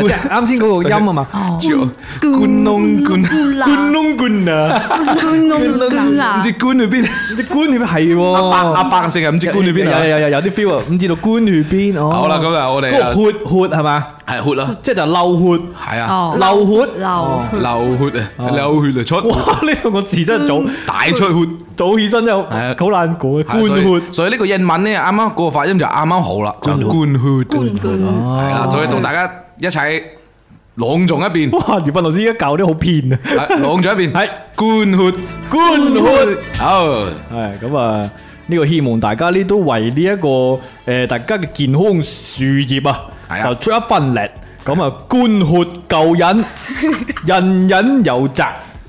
唔係啱先嗰個音啊嘛，叫官弄官官弄官啊！官弄官啊！唔知官去邊啊？唔知官去邊係喎？阿阿伯成日唔知官去邊啊？有有有有啲 feel 啊！唔知道官去邊哦？好啦，咁啊，我哋血血係嘛？係血啦，即係就流血係啊！流血流流血啊！流血就出哇！呢個我字真係早大出血早起身就係啊！好難講嘅官血，所以呢個英文咧，啱啱嗰個發音就啱啱好啦，就官血官血係啦，所以同大家。一齊朗誦一遍。哇！葉斌老師而家教啲好片啊！朗誦一遍。係捐血、捐血。好係咁啊！呢個希望大家呢都為呢一個誒大家嘅健康樹業啊，就出一份力。咁啊，捐血救人，人人有責。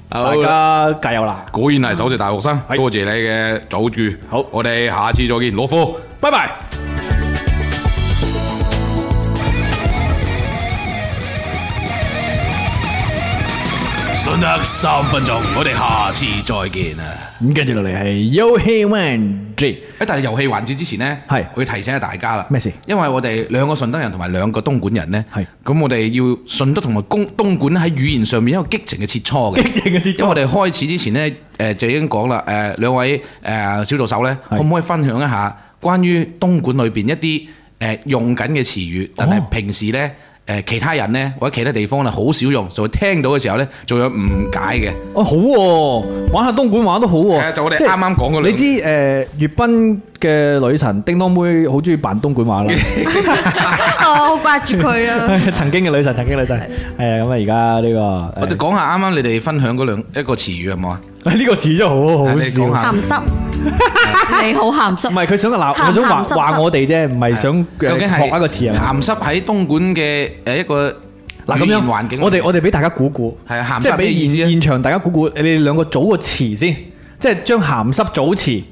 大家加油啦！果然係首席大學生，多謝你嘅早住。好，我哋下次再見，老夫拜拜。順德三分鐘，我哋下次再見啊！咁跟住落嚟係遊戲環節。誒，但係遊戲環節之前呢，係是我要提醒下大家啦。咩事？因為我哋兩個順德人同埋兩個東莞人呢，係咁是我哋要順德同埋公東莞喺語言上面一個激情嘅切磋嘅。激情嘅切磋。因為我哋開始之前呢，誒就已經講啦。誒，兩位誒小助手呢，是可唔可以分享一下關於東莞裏邊一啲誒用緊嘅詞語，但係平時呢。哦誒，其他人咧，或者其他地方咧，好少用，就會聽到嘅時候咧，仲有誤解嘅。哦、啊，好喎、啊，玩下東莞話都好喎、啊。就我哋啱啱講你知誒，粵賓嘅女神叮當妹好中意扮東莞話啦。我好掛住佢啊！曾經嘅女神，曾經女神。係啊、 哎，咁啊、這個，而家呢個我哋講下啱啱你哋分享嗰兩一個詞語有冇啊？呢 個詞真係好好笑，鹹濕，你好鹹濕，唔係佢想鬧，我想話話我哋啫，唔係想究竟係學一個詞，鹹濕喺東莞嘅，誒一個嗱，咁樣環境，我哋我哋俾大家估估，係鹹濕即係俾現現場大家估估，你哋兩個組個詞先，即係將鹹濕組詞。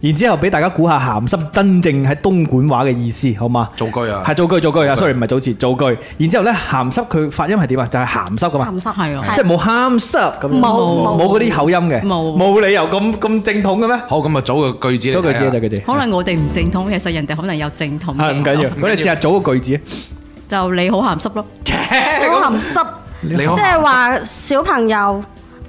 然之後俾大家估下鹹濕真正喺東莞話嘅意思，好嘛？組句啊，係組句組句啊，sorry 唔係組詞組句。然之後咧鹹濕佢發音係點啊？就係鹹濕噶嘛，鹹濕係啊，即係冇鹹濕咁，冇冇冇嗰啲口音嘅，冇冇理由咁咁正統嘅咩？好，咁啊組個句子，組句子就幾字。可能我哋唔正統，其實人哋可能有正統。係唔緊要，我哋試下組個句子。就你好鹹濕咯，你好鹹濕，即係話小朋友。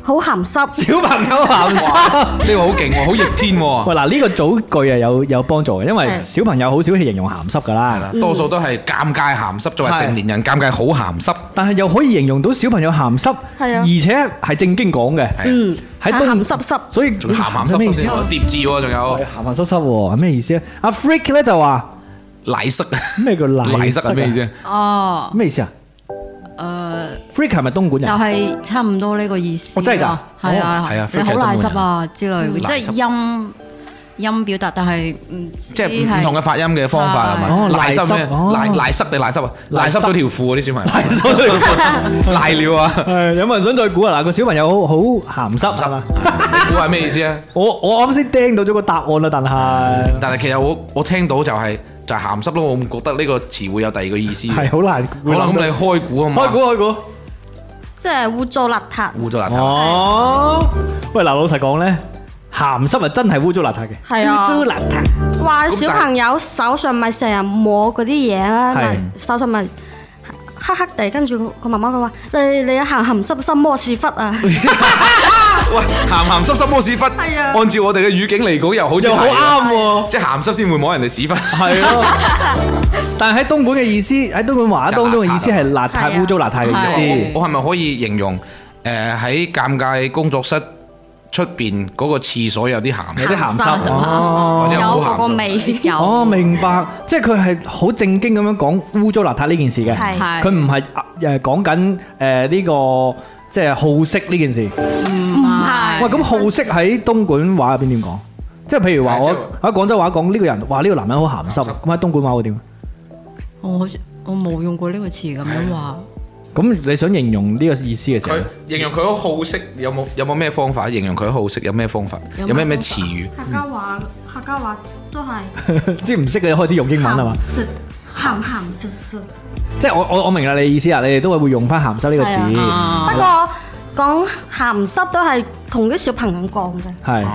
好鹹濕，小朋友鹹濕呢個好勁喎，好逆天喎。喂，嗱呢個組句啊有有幫助嘅，因為小朋友好少去形容鹹濕噶啦，多數都係尷尬鹹濕，作為成年人尷尬好鹹濕，但係又可以形容到小朋友鹹濕，係啊，而且係正經講嘅，嗯，係鹹濕濕，所以鹹鹹濕濕，疊字仲有鹹鹹濕濕係咩意思啊？阿 Freak 咧就話奶色，咩叫奶色啊？咩意思啊？哦，咩意思啊？誒，Freak 係咪東莞人？就係差唔多呢個意思。我真係噶，係啊，你好賴濕啊之類，即係音音表達，但係唔即係唔同嘅發音嘅方法係咪？賴濕咩？賴賴濕定賴濕啊？賴濕咗條褲嗰啲小朋友，賴尿啊！有冇人想再估啊？嗱，個小朋友好鹹濕係嘛？估係咩意思啊？我我啱先叮到咗個答案啦，但係但係其實我我聽到就係。就鹹濕咯，我唔覺得呢個詞會有第二個意思。係好難，好難咁你開估。啊嘛！開估。開估。即係污糟邋遢。污糟邋遢哦！Oh. 喂，嗱，老實講咧，鹹濕啊真係污糟邋遢嘅。係啊！污糟邋遢。哇！小朋友但手上咪成日摸嗰啲嘢啦，是手術咪。黑黑地，跟住佢佢媽媽佢話：你你啊鹹鹹濕濕摸屎忽啊！喂，鹹鹹濕濕摸屎忽，按照我哋嘅語境嚟講又好似又好啱喎，即係鹹濕先會摸人哋屎忽。係咯，但係喺東莞嘅意思，喺東莞話當中嘅意思係邋遢污糟邋遢嘅意思。我係咪可以形容誒喺尷尬工作室？出邊嗰個廁所有啲鹹，有啲鹹濕，有嗰個味、哦。有，我明白， 即係佢係好正經咁樣講污糟邋遢呢件事嘅，佢唔係誒講緊誒呢個即係好色呢件事。唔係是。喂，咁好色喺東莞話入邊點講？即係譬如話我喺廣州話講呢個人，話呢、呢個男人好鹹濕。咁喺色東莞話會點？我我冇用過呢個詞咁樣話。咁你想形容呢個意思嘅時候，形容佢好色有冇有冇咩方法？形容佢好色有咩方法？有咩咩詞語？客家話客家話都係，即係唔識。你開始用英文係嘛？食鹹鹹食食，色即係我我我明啦，你意思啊！你哋都係會用翻鹹濕呢個字。不過講鹹濕都係。同啲小朋友講嘅，係，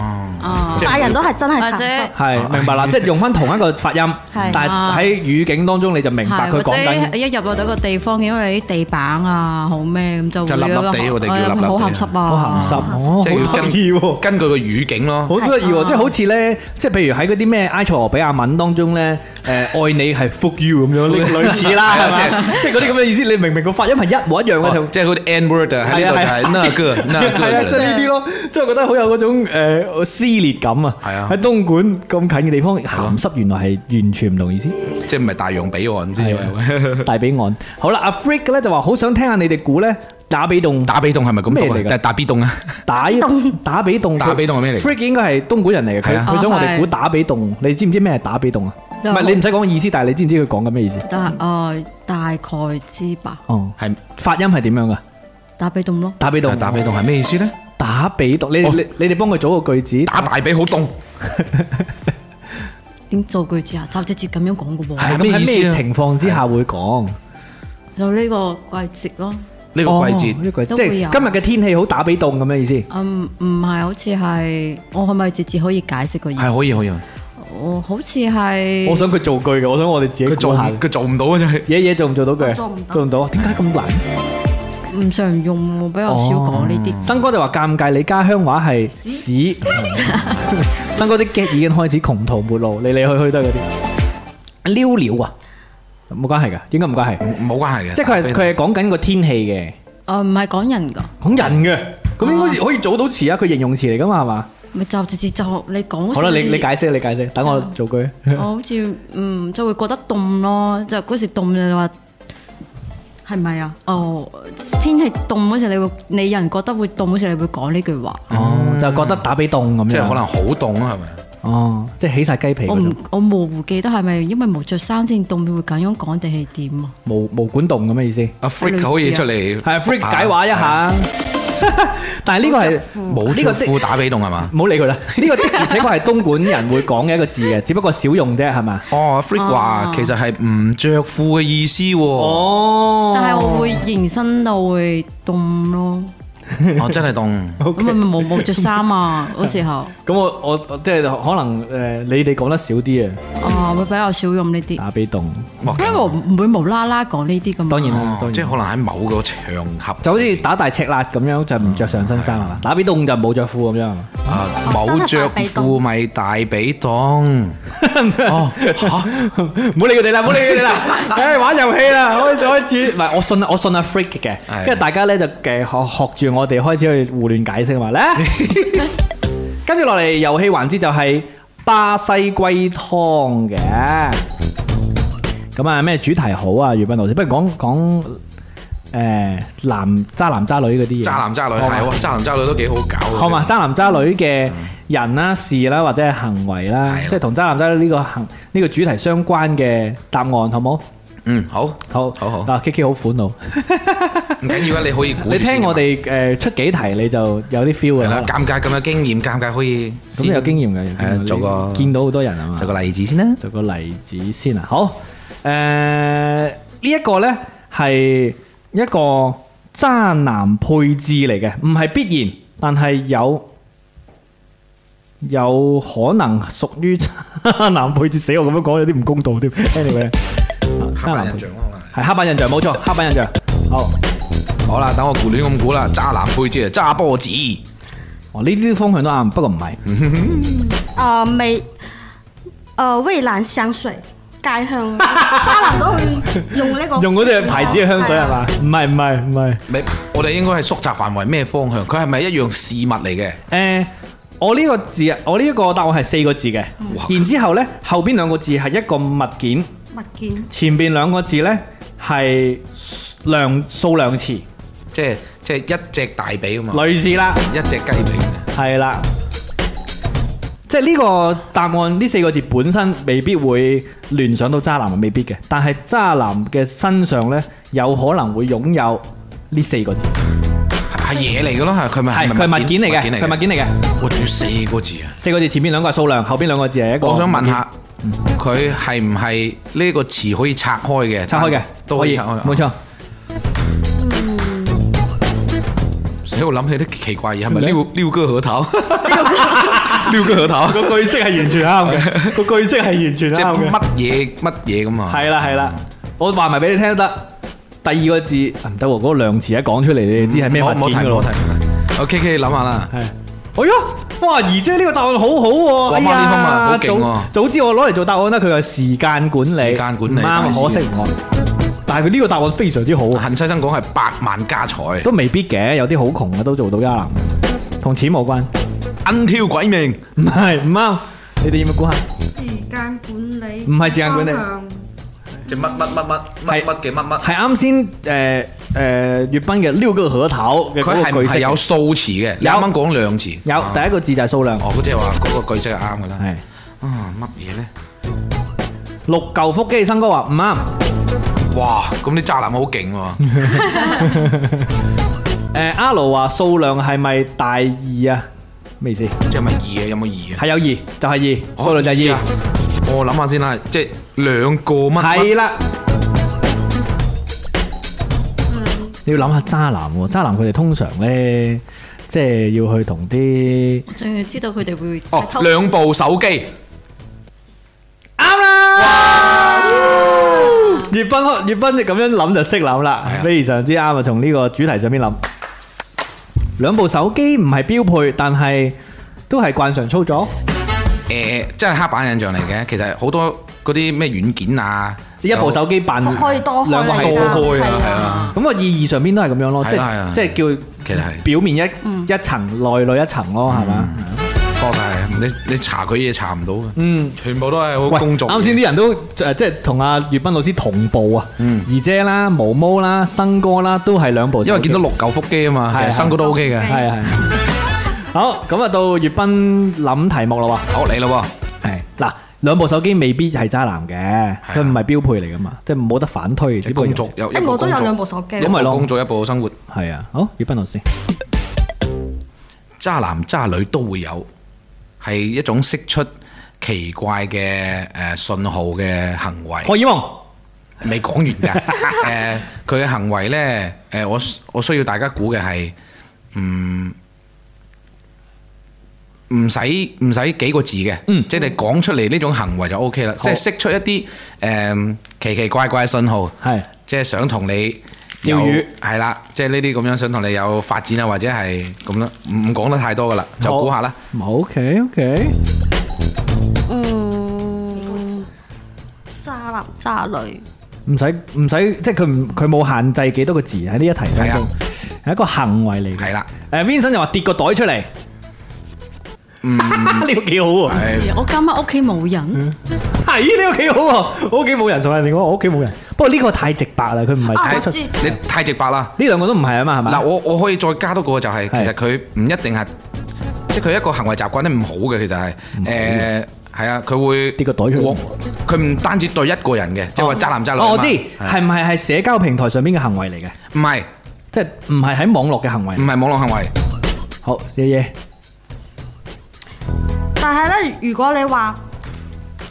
大人都係真係殘失，係，明白啦，即係用翻同一個發音，但係喺語境當中你就明白佢講緊。或者一入到一個地方，因為啲地板啊，好咩咁就會，好鹹濕啊，好鹹濕，即係要跟依喎，根據個語境咯。好得意喎，即係好似咧，即係譬如喺嗰啲咩埃塞俄比亞文當中咧，誒愛你係 fuck you 咁樣，類似啦，即係即係嗰啲咁嘅意思，你明明個發音係一模一樣嘅，即係嗰啲 n word 喺呢度睇，那個那個。即係覺得好有嗰種誒撕裂感啊！係啊，喺東莞咁近嘅地方咸濕，原來係完全唔同意思，即係唔係大洋彼岸先，大彼岸。好啦，阿 Freak 咧就話好想聽下你哋估咧打比動，打比動係咪咁嚟？嘅？但係打比動啊？打打比動，打比動係咩嚟？Freak 應該係東莞人嚟嘅，佢想我哋估打比動。你知唔知咩係打比動啊？唔係你唔使講意思，但係你知唔知佢講緊咩意思？大概大概知吧。哦，係發音係點樣噶？打比動咯，打比動，打比動係咩意思咧？打比凍，你你你哋幫佢組個句子。打大髀好凍。點做句子啊？就直接咁樣講噶喎。係咩意思啊？情況之下會講。就呢個季節咯。呢個季節，呢個即係今日嘅天氣好打比凍咁嘅意思。嗯，唔係，好似係我係咪直接可以解釋個意思？係可以，可以。我好似係，我想佢造句嘅，我想我哋自己做下。佢做唔到啊，即係嘢嘢做唔做到嘅，做唔到。點解咁難？唔常用，我比較少講呢啲。新哥就話尷尬，你家鄉話係屎。新哥啲 Guess 已經開始窮途末路，嚟嚟去去都係嗰啲。撩撩啊，冇關係噶，點解唔關係？冇關係嘅，即係佢係佢係講緊個天氣嘅。誒，唔係講人噶，講人嘅。咁應該可以組到詞啊？佢形容詞嚟噶嘛，係嘛？咪就直接就你講。好啦，你你解釋，你解釋，等我造句。我好似嗯就會覺得凍咯，就嗰時凍就話。係咪啊？哦，天氣凍嗰時候你，你會你有人覺得會凍嗰時，你會講呢句話。嗯、哦，就覺得打比凍咁樣。即係可能好凍啊？係咪？哦，即係起晒雞皮我。我我模糊記得係咪因為冇着衫先凍，會咁樣講定係點啊？冇冇管凍咁嘅意思。阿 Freak 好嘢出嚟，係 Fre、啊啊、Freak 解話一下。 但係呢個係冇、這個、着褲打比凍係嘛？唔好理佢啦，呢、這個的而且確係東莞人會講嘅一個字嘅， 只不過少用啫係嘛？哦，free 話、啊、其實係唔着褲嘅意思喎。哦，哦但係我會延伸到會凍咯。我真係凍，咁咪冇冇着衫啊嗰時候。咁我我即係可能誒，你哋講得少啲啊。哦，會比較少用呢啲。大髀凍，因為我唔會無啦啦講呢啲咁。當然即係可能喺某個場合，就好似打大赤辣咁樣，就唔着上身衫啊。大髀凍就冇着褲咁樣。啊，冇着褲咪大髀凍。哦，唔好理佢哋啦，唔好理佢哋啦。誒，玩遊戲啦，開開始，唔係我信我信阿 Freak 嘅，跟住大家咧就誒學住。我哋開始去胡亂解釋話咧，跟住落嚟遊戲環節就係巴西龜湯嘅，咁啊咩主題好啊？粵賓老師，不如講講誒男渣男渣女嗰啲嘢，渣男渣女係吧，渣男渣女都幾好搞。好嘛、嗯，啊啊、吧渣男渣女嘅人啦、事啦或者係行為啦，即係同渣男渣女呢個行呢、呢個主題相關嘅答案好冇？嗯，好好好好。嗱、啊、K K 好煩惱，唔緊要啊！你可以，估你聽我哋誒出幾題，你就有啲 feel 嘅啦。尷尬咁有經驗，尷尬可以咁有經驗嘅，做個見到好多人啊嘛。吧做個例子先啦，做個例子先啊。好，誒、呃這個、呢一個咧係一個渣男配置嚟嘅，唔係必然，但係有有可能屬於渣 男配置。死我咁樣講，有啲唔公道添。Anyway。黑板印象係黑板印象冇錯吧，黑板印象好。好啦，等我胡亂咁估啦。渣男配置渣波子，哦呢啲方向都啱，不過唔係。誒味誒味蘭香水街香，向渣男都去用呢個。 用嗰啲牌子嘅香水係嘛？唔係唔係唔係。未，我哋應該係縮窄範圍咩方向？佢係咪一樣事物嚟嘅？誒、呃，我呢個字，我呢一個答案係四個字嘅，嗯、然之後咧後邊兩個字係一個物件。物件前邊兩個字呢，係量數量詞，即係即係一隻大髀啊嘛。類似啦，一隻雞髀，係啦的。即係呢個答案，呢四個字本身未必會聯想到渣男，係未必嘅。但係渣男嘅身上呢，有可能會擁有呢四個字，係嘢嚟嘅咯，係佢咪係佢物件嚟嘅，佢物件嚟嘅。我仲要四個字啊！四個字前面兩個係數量，後邊兩個字係一個。我想問下。佢係唔係呢個詞可以拆開嘅？拆開嘅都可以，拆開嘅冇錯。嗯，使我諗起啲奇怪嘢，係咪六撩哥河頭？撩哥河頭？個句式係完全啱嘅，個句式係完全啱嘅。乜嘢乜嘢咁啊？係啦係啦，我話埋俾你聽都得。第二個字唔得，嗰個量詞一講出嚟，你哋知係咩片唔咯？我睇，我唔好睇。O K K，諗下啦。係。哎呀！哇！姨姐呢、這個答案好好、啊、喎，哇哎呀，好勁喎！早知我攞嚟做答案啦，佢係時間管理，時間管理，啱對，事可惜唔啱。但係佢呢個答案非常之好。陳先生講係百萬家財，都未必嘅，有啲好窮嘅都做到一啦，同錢冇關。恩，挑鬼命唔係啱。你哋要唔要管下？時間管理唔係時間管理。只乜乜乜乜乜乜嘅乜乜，係啱先誒誒，粵斌嘅六個核桃，佢係係有數詞嘅，你啱啱講兩次，有第一個字就係數量。哦，即係話嗰個句式係啱嘅啦。係啊，乜嘢咧？六嚿腹肌新哥話，唔啱。哇，咁啲渣男好勁喎。誒，阿盧話數量係咪大二啊？咩意思？即係咪二啊？有冇二啊？係有二，就係二，數量就係二。我諗下先啦，即係兩個乜？係啦，你要諗下渣男，渣男佢哋通常咧，即係要去同啲，我仲要知道佢哋會哦兩部手機，啱啦！葉斌，葉斌，你咁樣諗就識諗啦，非常之啱啊！從呢個主題上邊諗，兩部手機唔係標配，但係都係慣常操作。誒，即係黑板印象嚟嘅，其實好多嗰啲咩軟件啊，一部手機辦，可以多開啊，多開啊，係啊，咁個意義上面都係咁樣咯，即係即係叫，其實係表面一一層，內裏一層咯，係嘛？確實係，你你查佢嘢查唔到嘅。嗯，全部都係好工作。啱先啲人都即係同阿月斌老師同步啊，嗯，二姐啦、毛毛啦、新哥啦，都係兩部，因為見到六嚿腹肌啊嘛，其實新哥都 O K 嘅，係啊。好，咁啊，到粵斌諗題目咯喎，好你咯喎，係嗱，兩部手機未必係渣男嘅，佢唔係標配嚟噶嘛，即係冇得反推，一部工作，一部工作有，一部工作、欸、有部一部工作，一部生活，係啊，好，粵斌老師，渣男渣女都會有，係一種釋出奇怪嘅誒信號嘅行為，可以嗎？未講完噶，誒，佢嘅行為咧，誒，我我需要大家估嘅係，嗯。唔使唔使幾個字嘅，即係你講出嚟呢種行為就 O K 啦，即係識出一啲誒奇奇怪怪嘅信號，即係想同你有係啦，即係呢啲咁樣想同你有發展啊，或者係咁啦，唔唔講得太多噶啦，就估下啦。O K O K，嗯，渣男渣女，唔使唔使，即係佢唔佢冇限制幾多個字喺呢一題當中，係一個行為嚟嘅。係啦，誒 Vincent 就話跌個袋出嚟。你幾好喎！我今晚屋企冇人。係你幾好喎！我屋企冇人，同人哋講我屋企冇人。不過呢個太直白啦，佢唔係太你太直白啦。呢兩個都唔係啊嘛，係嘛？嗱，我我可以再加多個就係，其實佢唔一定係，即係佢一個行為習慣都唔好嘅。其實係誒，係啊，佢會跌個袋出嚟。佢唔單止對一個人嘅，即係話渣男渣女。哦，我知係唔係係社交平台上邊嘅行為嚟嘅？唔係，即係唔係喺網絡嘅行為？唔係網絡行為。好，爺爺。但係咧，如果你話，誒、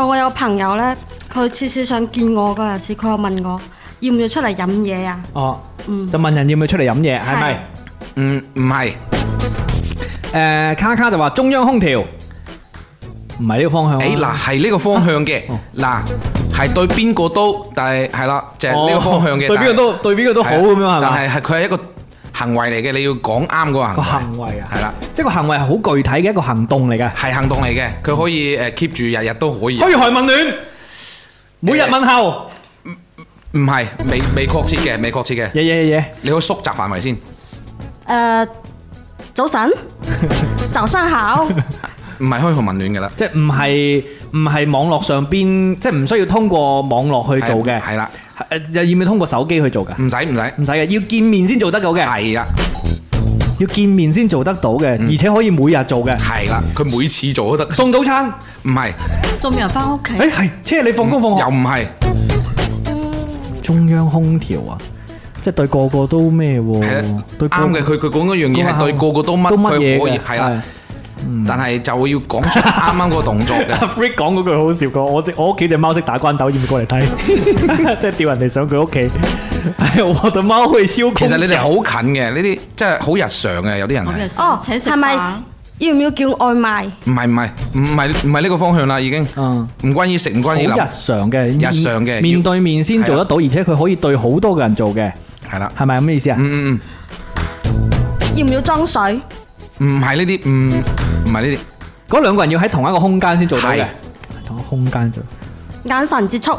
哦，我有朋友咧，佢次次想見我嗰陣時，佢又問我，要唔要出嚟飲嘢啊？哦，嗯，就問人要唔要出嚟飲嘢，係咪是？嗎嗯，唔係。誒、欸，卡卡就話中央空調，唔係呢個方向、啊。誒、欸，嗱，係呢個方向嘅，嗱、啊，係對邊個都，但係係啦，就係呢個方向嘅、哦是，對邊個都對邊個都好咁樣係但係係佢係一個。行為嚟嘅，你要講啱個行為。個行為啊，係啦，即係個行為係好具體嘅一個行動嚟嘅，係行動嚟嘅，佢可以誒 keep 住日日都可以。可以噓寒問暖，每日問候，唔唔係未未確切嘅，未確切嘅。嘢嘢嘢嘢，你去縮窄範圍先。誒，早晨，早上好。唔係噓寒問暖嘅啦，即係唔係唔係網絡上邊，即係唔需要通過網絡去做嘅。係啦。誒，又要唔要通過手機去做噶？唔使唔使唔使嘅，要見面先做得到嘅。係啊，要見面先做得到嘅，而且可以每日做嘅。係啦，佢每次做都得。送早餐？唔係，送人翻屋企。誒，係，車，你放工放學又唔係？中央空調啊，即係對個個都咩喎？係啊，啱嘅，佢佢講嗰樣嘢係對個個都乜嘢嘅，係啦。但係就會要講出啱啱個動作嘅，Rick 講嗰句好笑，講我隻我屋企隻貓識打關斗，要唔要過嚟睇，即係釣人哋上佢屋企。哎呀，我隻貓去燒烤。其實你哋好近嘅呢啲，即係好日常嘅，有啲人哦。係咪要唔要叫外賣？唔係唔係唔係唔係呢個方向啦，已經。嗯。唔關於食，唔關於流。好日常嘅。日常嘅。面對面先做得到，而且佢可以對好多個人做嘅。係啦，係咪咁嘅意思啊？嗯嗯嗯。要唔要裝水？唔係呢啲，嗯。唔係呢啲，嗰兩個人要喺同一個空間先做到嘅，同一個空間就眼神接觸，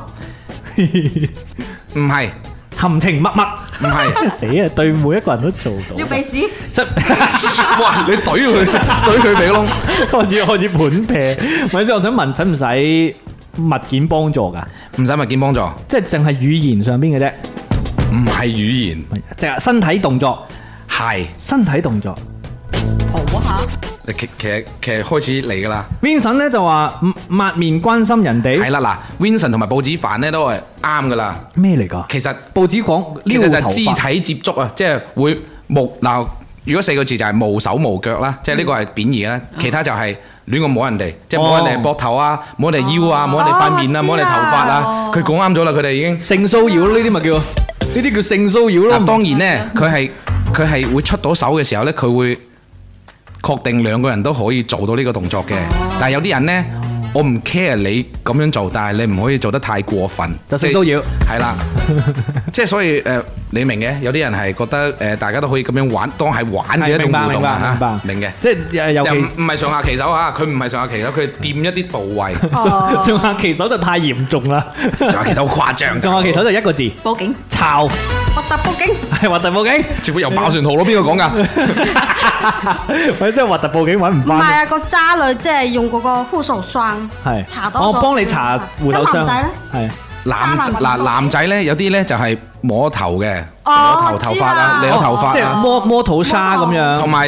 唔係含情脈脈，唔係，即係死啊！對每一個人都做到，要鼻屎，即係哇！你懟佢，懟佢鼻窿，開始開始盤劈。或者我想問，使唔使物件幫助噶？唔使物件幫助，即係淨係語言上邊嘅啫，唔係語言，淨係身體動作，係身體動作。其實其實開始嚟噶啦，Vinson 咧就話抹面關心人哋係啦嗱，Vinson 同埋報紙範咧都係啱噶啦。咩嚟噶？其實報紙講呢個就係肢體接觸啊，即係會木嗱。如果四個字就係無手無腳啦，即係呢個係貶義啦。其他就係亂咁摸人哋，即係摸人哋膊頭啊，摸人哋腰啊，摸人哋塊面啊，摸人哋頭髮啊。佢講啱咗啦，佢哋已經性騷擾呢啲咪叫？呢啲叫性騷擾咯。當然咧，佢係佢係會出到手嘅時候咧，佢會。確定兩個人都可以做到呢個動作嘅，但係有啲人呢。我唔 care 你咁樣做，但係你唔可以做得太過分。就死都要，係啦，即係所以誒，你明嘅？有啲人係覺得誒，大家都可以咁樣玩，當係玩嘅一種互動嚇。明白，明白，明嘅，即係又係有唔係上下其手嚇？佢唔係上下其手，佢掂一啲部位。上下其手就太嚴重啦，上下其手好誇張。上下其手就一個字，報警，抄，核突報警，係核突報警，似乎又爆船號咯？邊個講啊？我真係核突報警揾唔翻。唔係啊，個渣女即係用嗰個護手霜。係，我幫你查護手霜。係男嗱男仔咧，有啲咧就係摸頭嘅，摸頭頭髮啊，你頭髮啊，即係摸摸肚沙咁樣。同埋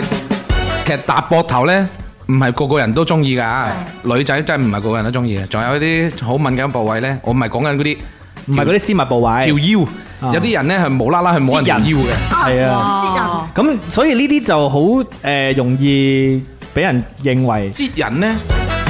其實搭膊頭咧，唔係個個人都中意噶，女仔真係唔係個個人都中意嘅。仲有一啲好敏感部位咧，我唔係講緊嗰啲，唔係嗰啲私密部位，條腰，有啲人咧係無啦啦去摸人條腰嘅，係啊，接人。咁所以呢啲就好誒容易俾人認為接人咧。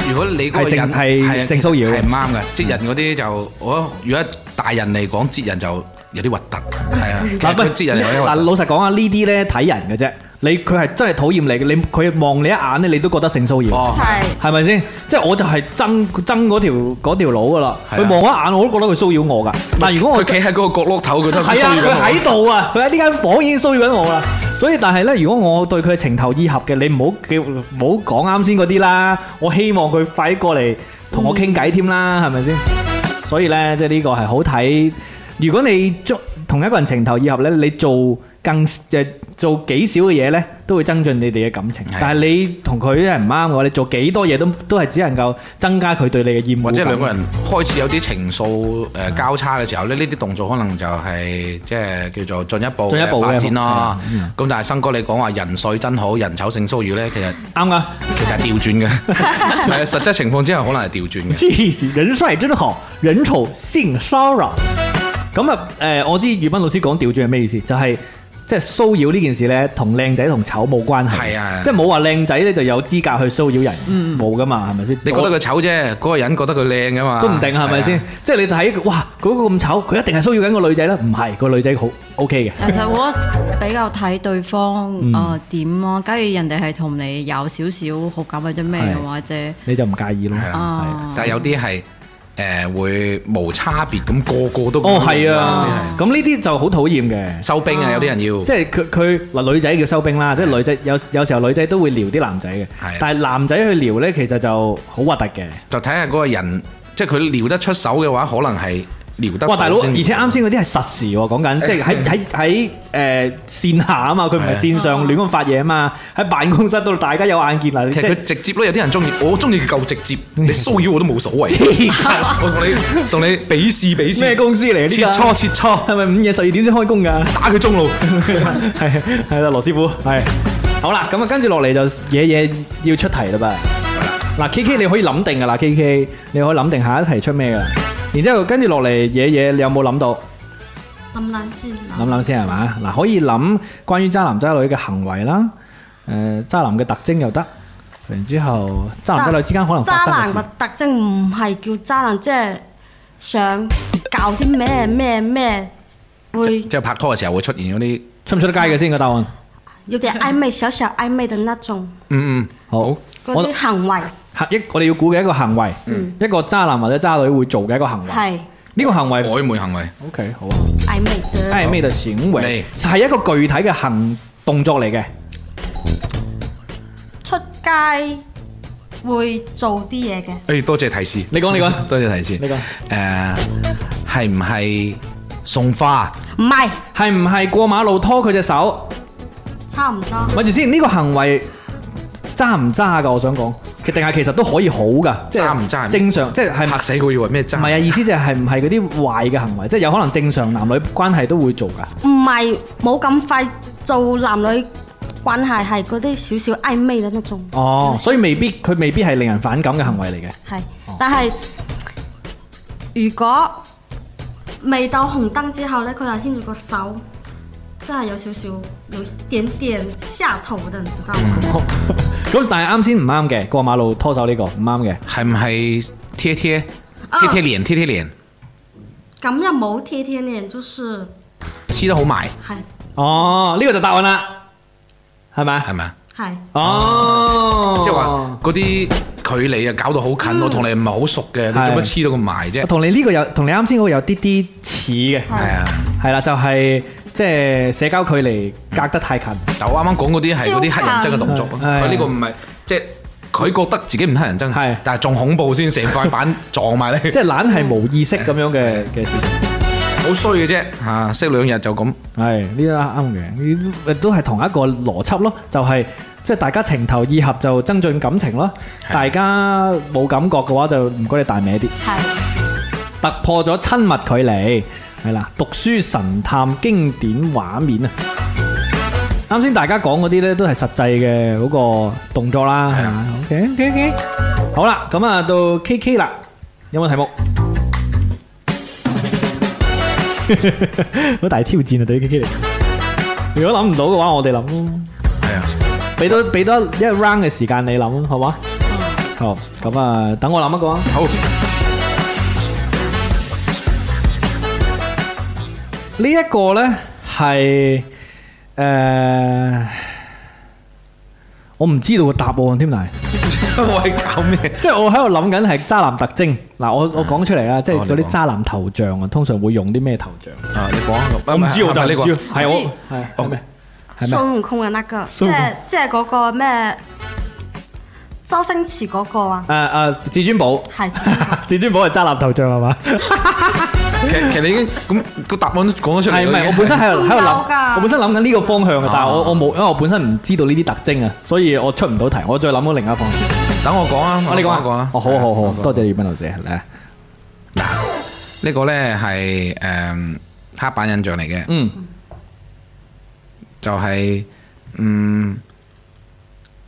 如果你嗰個人係性、性騷擾的，係唔啱嘅。節人嗰啲就我得，如果大人嚟講節人就有啲核突，係啊。唔係節人有點，嗱 老實講啊，呢啲咧睇人嘅啫。你佢係真係討厭你嘅，你佢望你一眼咧，你都覺得性騷擾，係係咪先？即係、就是、我就係憎爭嗰條嗰條路噶啦，佢是、啊、望一眼我都覺得佢騷擾我噶。嗱，如果我佢企喺嗰個角落頭，佢都係騷係啊，佢喺度啊，佢喺呢間房間已經騷擾緊我啦。所以但係咧，如果我對佢情投意合嘅，你唔好叫唔好講啱先嗰啲啦。我希望佢快啲過嚟同我傾偈添啦，係咪先？所以咧，即係呢個係好睇。如果你做同一個人情投意合咧，你做，更誒做幾少嘅嘢咧，都會增進你哋嘅感情。的但係你同佢咧唔啱嘅話，你做幾多嘢都都係只能夠增加佢對你嘅厭惡。或者兩個人開始有啲情愫誒交叉嘅時候咧，呢啲、嗯、動作可能就係即係叫做進一步發展咯。咁、嗯、但係生哥你講話人帥真好人醜性騷擾咧，其實啱啊，嗯、其實係調轉嘅，係啊的， 實際情況之下可能係調轉嘅。黐線， 人帥真好人醜性騷擾。咁啊誒，我知宇斌老師講調轉係咩意思，就係、是。即係騷擾呢件事咧，同靚是、啊、仔同醜冇關係。係啊，即係冇話靚仔咧就有資格去騷擾人，冇噶、嗯、嘛，係咪先？你覺得佢醜啫，嗰個人覺得佢靚噶嘛，都唔定係咪先？即係你睇，哇，嗰、嗰個咁醜，佢一定係騷擾緊個女仔啦？唔係，個女仔好 OK 嘅。其實我比較睇對方、嗯、啊點咯、啊，假如人哋係同你有少少好感或者咩，嘅話啫，你就唔介意咯。但係有啲係。誒會無差別咁個個都哦係啊，咁呢啲就好、是、討厭嘅收兵啊，啊有啲人要，即係佢佢話女仔叫收兵啦，的即係女仔有，有時候女仔都會撩啲男仔嘅，的但係男仔去撩呢，其實就好核突嘅，就睇下嗰個人，即係佢撩得出手嘅話，可能係。哇，大佬！而且啱先嗰啲係實時，講緊，即係喺喺喺誒線下啊嘛，佢唔係線上亂咁發嘢啊嘛，喺辦公室度大家有眼見啦！睇佢直接咯，有啲人中意，我中意佢夠直接，你騷擾我都冇所謂。我同你同你比試比試。咩公司嚟？切磋切磋，係咪午夜十二點先開工噶？打佢中路，係係啦，羅師傅，係好啦，咁啊跟住落嚟就嘢嘢要出題啦噃。嗱，K K，你可以諗定噶啦，K K，你可以諗定下一題出咩噶？然之後跟住落嚟嘢嘢，你有冇諗到？諗諗先，諗諗先係嘛？嗱，可以諗關於渣男渣女嘅行為啦，誒、呃，渣男嘅特徵又得。然之後，渣男渣女之間可能。渣男嘅特徵唔係叫渣男，即係想搞啲咩咩咩，會。即係拍拖嘅時候會出現嗰啲，出唔出得街嘅先個答案？有啲曖昧，小小曖昧的那種。嗯嗯，好。嗰啲行為。一，我哋要估嘅一個行為，一個渣男或者渣女會做嘅一個行為。係呢個行為，曖昧行為。O K，好啊。曖昧，係咩就前圍，係一個具體嘅行動作嚟嘅。出街會做啲嘢嘅。誒，多謝提示。你講，你講。多謝提示。你講。誒，係唔係送花？唔係。係唔係過馬路拖佢隻手？差唔多。揾住先，呢個行為。揸唔揸噶？我想講，其定係其實都可以好噶，揸唔揸？正常即係吓死佢以為咩揸？唔係啊，意思就係唔係嗰啲壞嘅行為，即係有可能正常男女關係都會做噶。唔係，冇咁快做男女關係，係嗰啲少少曖昧嘅種。哦，小小所以未必佢未必係令人反感嘅行為嚟嘅。係，但係如果未到紅燈之後咧，佢就牽住個手。真係有少少，有點點下頭的，你知道嗎？咁 但係啱先唔啱嘅，過馬路拖手呢，這個唔啱嘅，係唔係貼貼貼貼臉貼貼臉？咁，啊、樣冇貼貼臉，就是黐得好埋。係是哦，呢、這個就答案啦，係咪？係咪嗎？係是哦，即係話嗰啲距離啊搞到好近，嗯、我同你唔係好熟嘅，你做乜黐到咁埋啫？同是你呢個有，同你啱先嗰個有啲啲似嘅，係啊，係啦，就係，是。就是就是即係社交距離隔得太近。嗱，我啱啱講嗰啲係嗰啲黑人憎嘅動作咯。佢呢個唔係即係佢覺得自己唔黑人憎，但係仲恐怖先，成塊板撞埋你。即係懶係無意識咁樣嘅嘅事，好衰嘅啫嚇，識兩日就咁。係呢啲啱嘅，都係同一個邏輯咯，就係即係大家情投意合就增進感情咯。大家冇感覺嘅話就唔該你大名啲。係突破咗親密距離。係啦，讀書神探經典畫面啊！啱先大家講嗰啲咧都係實際嘅嗰個動作啦的，係嘛？OK OK OK，好啦，咁啊到 K K 啦，有冇題目？好 大挑戰啊，對於 K K 嚟講， 如果諗唔到嘅話，我哋諗咯。係啊的，俾多俾多一 round 嘅時間你諗好嘛？好，好，咁的啊，等我諗一個啊。好。呢一個咧係誒，我唔知道個答案添嚟，我係搞咩？即係我喺度諗緊係渣男特徵。嗱，我我講出嚟啦，即係嗰啲渣男頭像啊，通常會用啲咩頭像？啊，你講，我唔知，我就係呢個係我係咩？孫悟空嘅那個，即係即係個咩？周星馳個啊？誒誒，至尊寶係，至尊寶係渣男頭像係嘛？其實你已經咁，那個答案都講咗出嚟。係唔係？我本身喺度喺度諗，我本身諗緊呢個方向嘅，但係我我冇，因為我本身唔知道呢啲特徵啊，所以我出唔到題。我再諗到另一方向。等我講啊，你講啊，講啊。哦，好好、啊、好，多謝葉斌老師嚟啊。嗱， 個呢個咧係誒黑板印象嚟嘅，嗯就是。嗯。就係，嗯，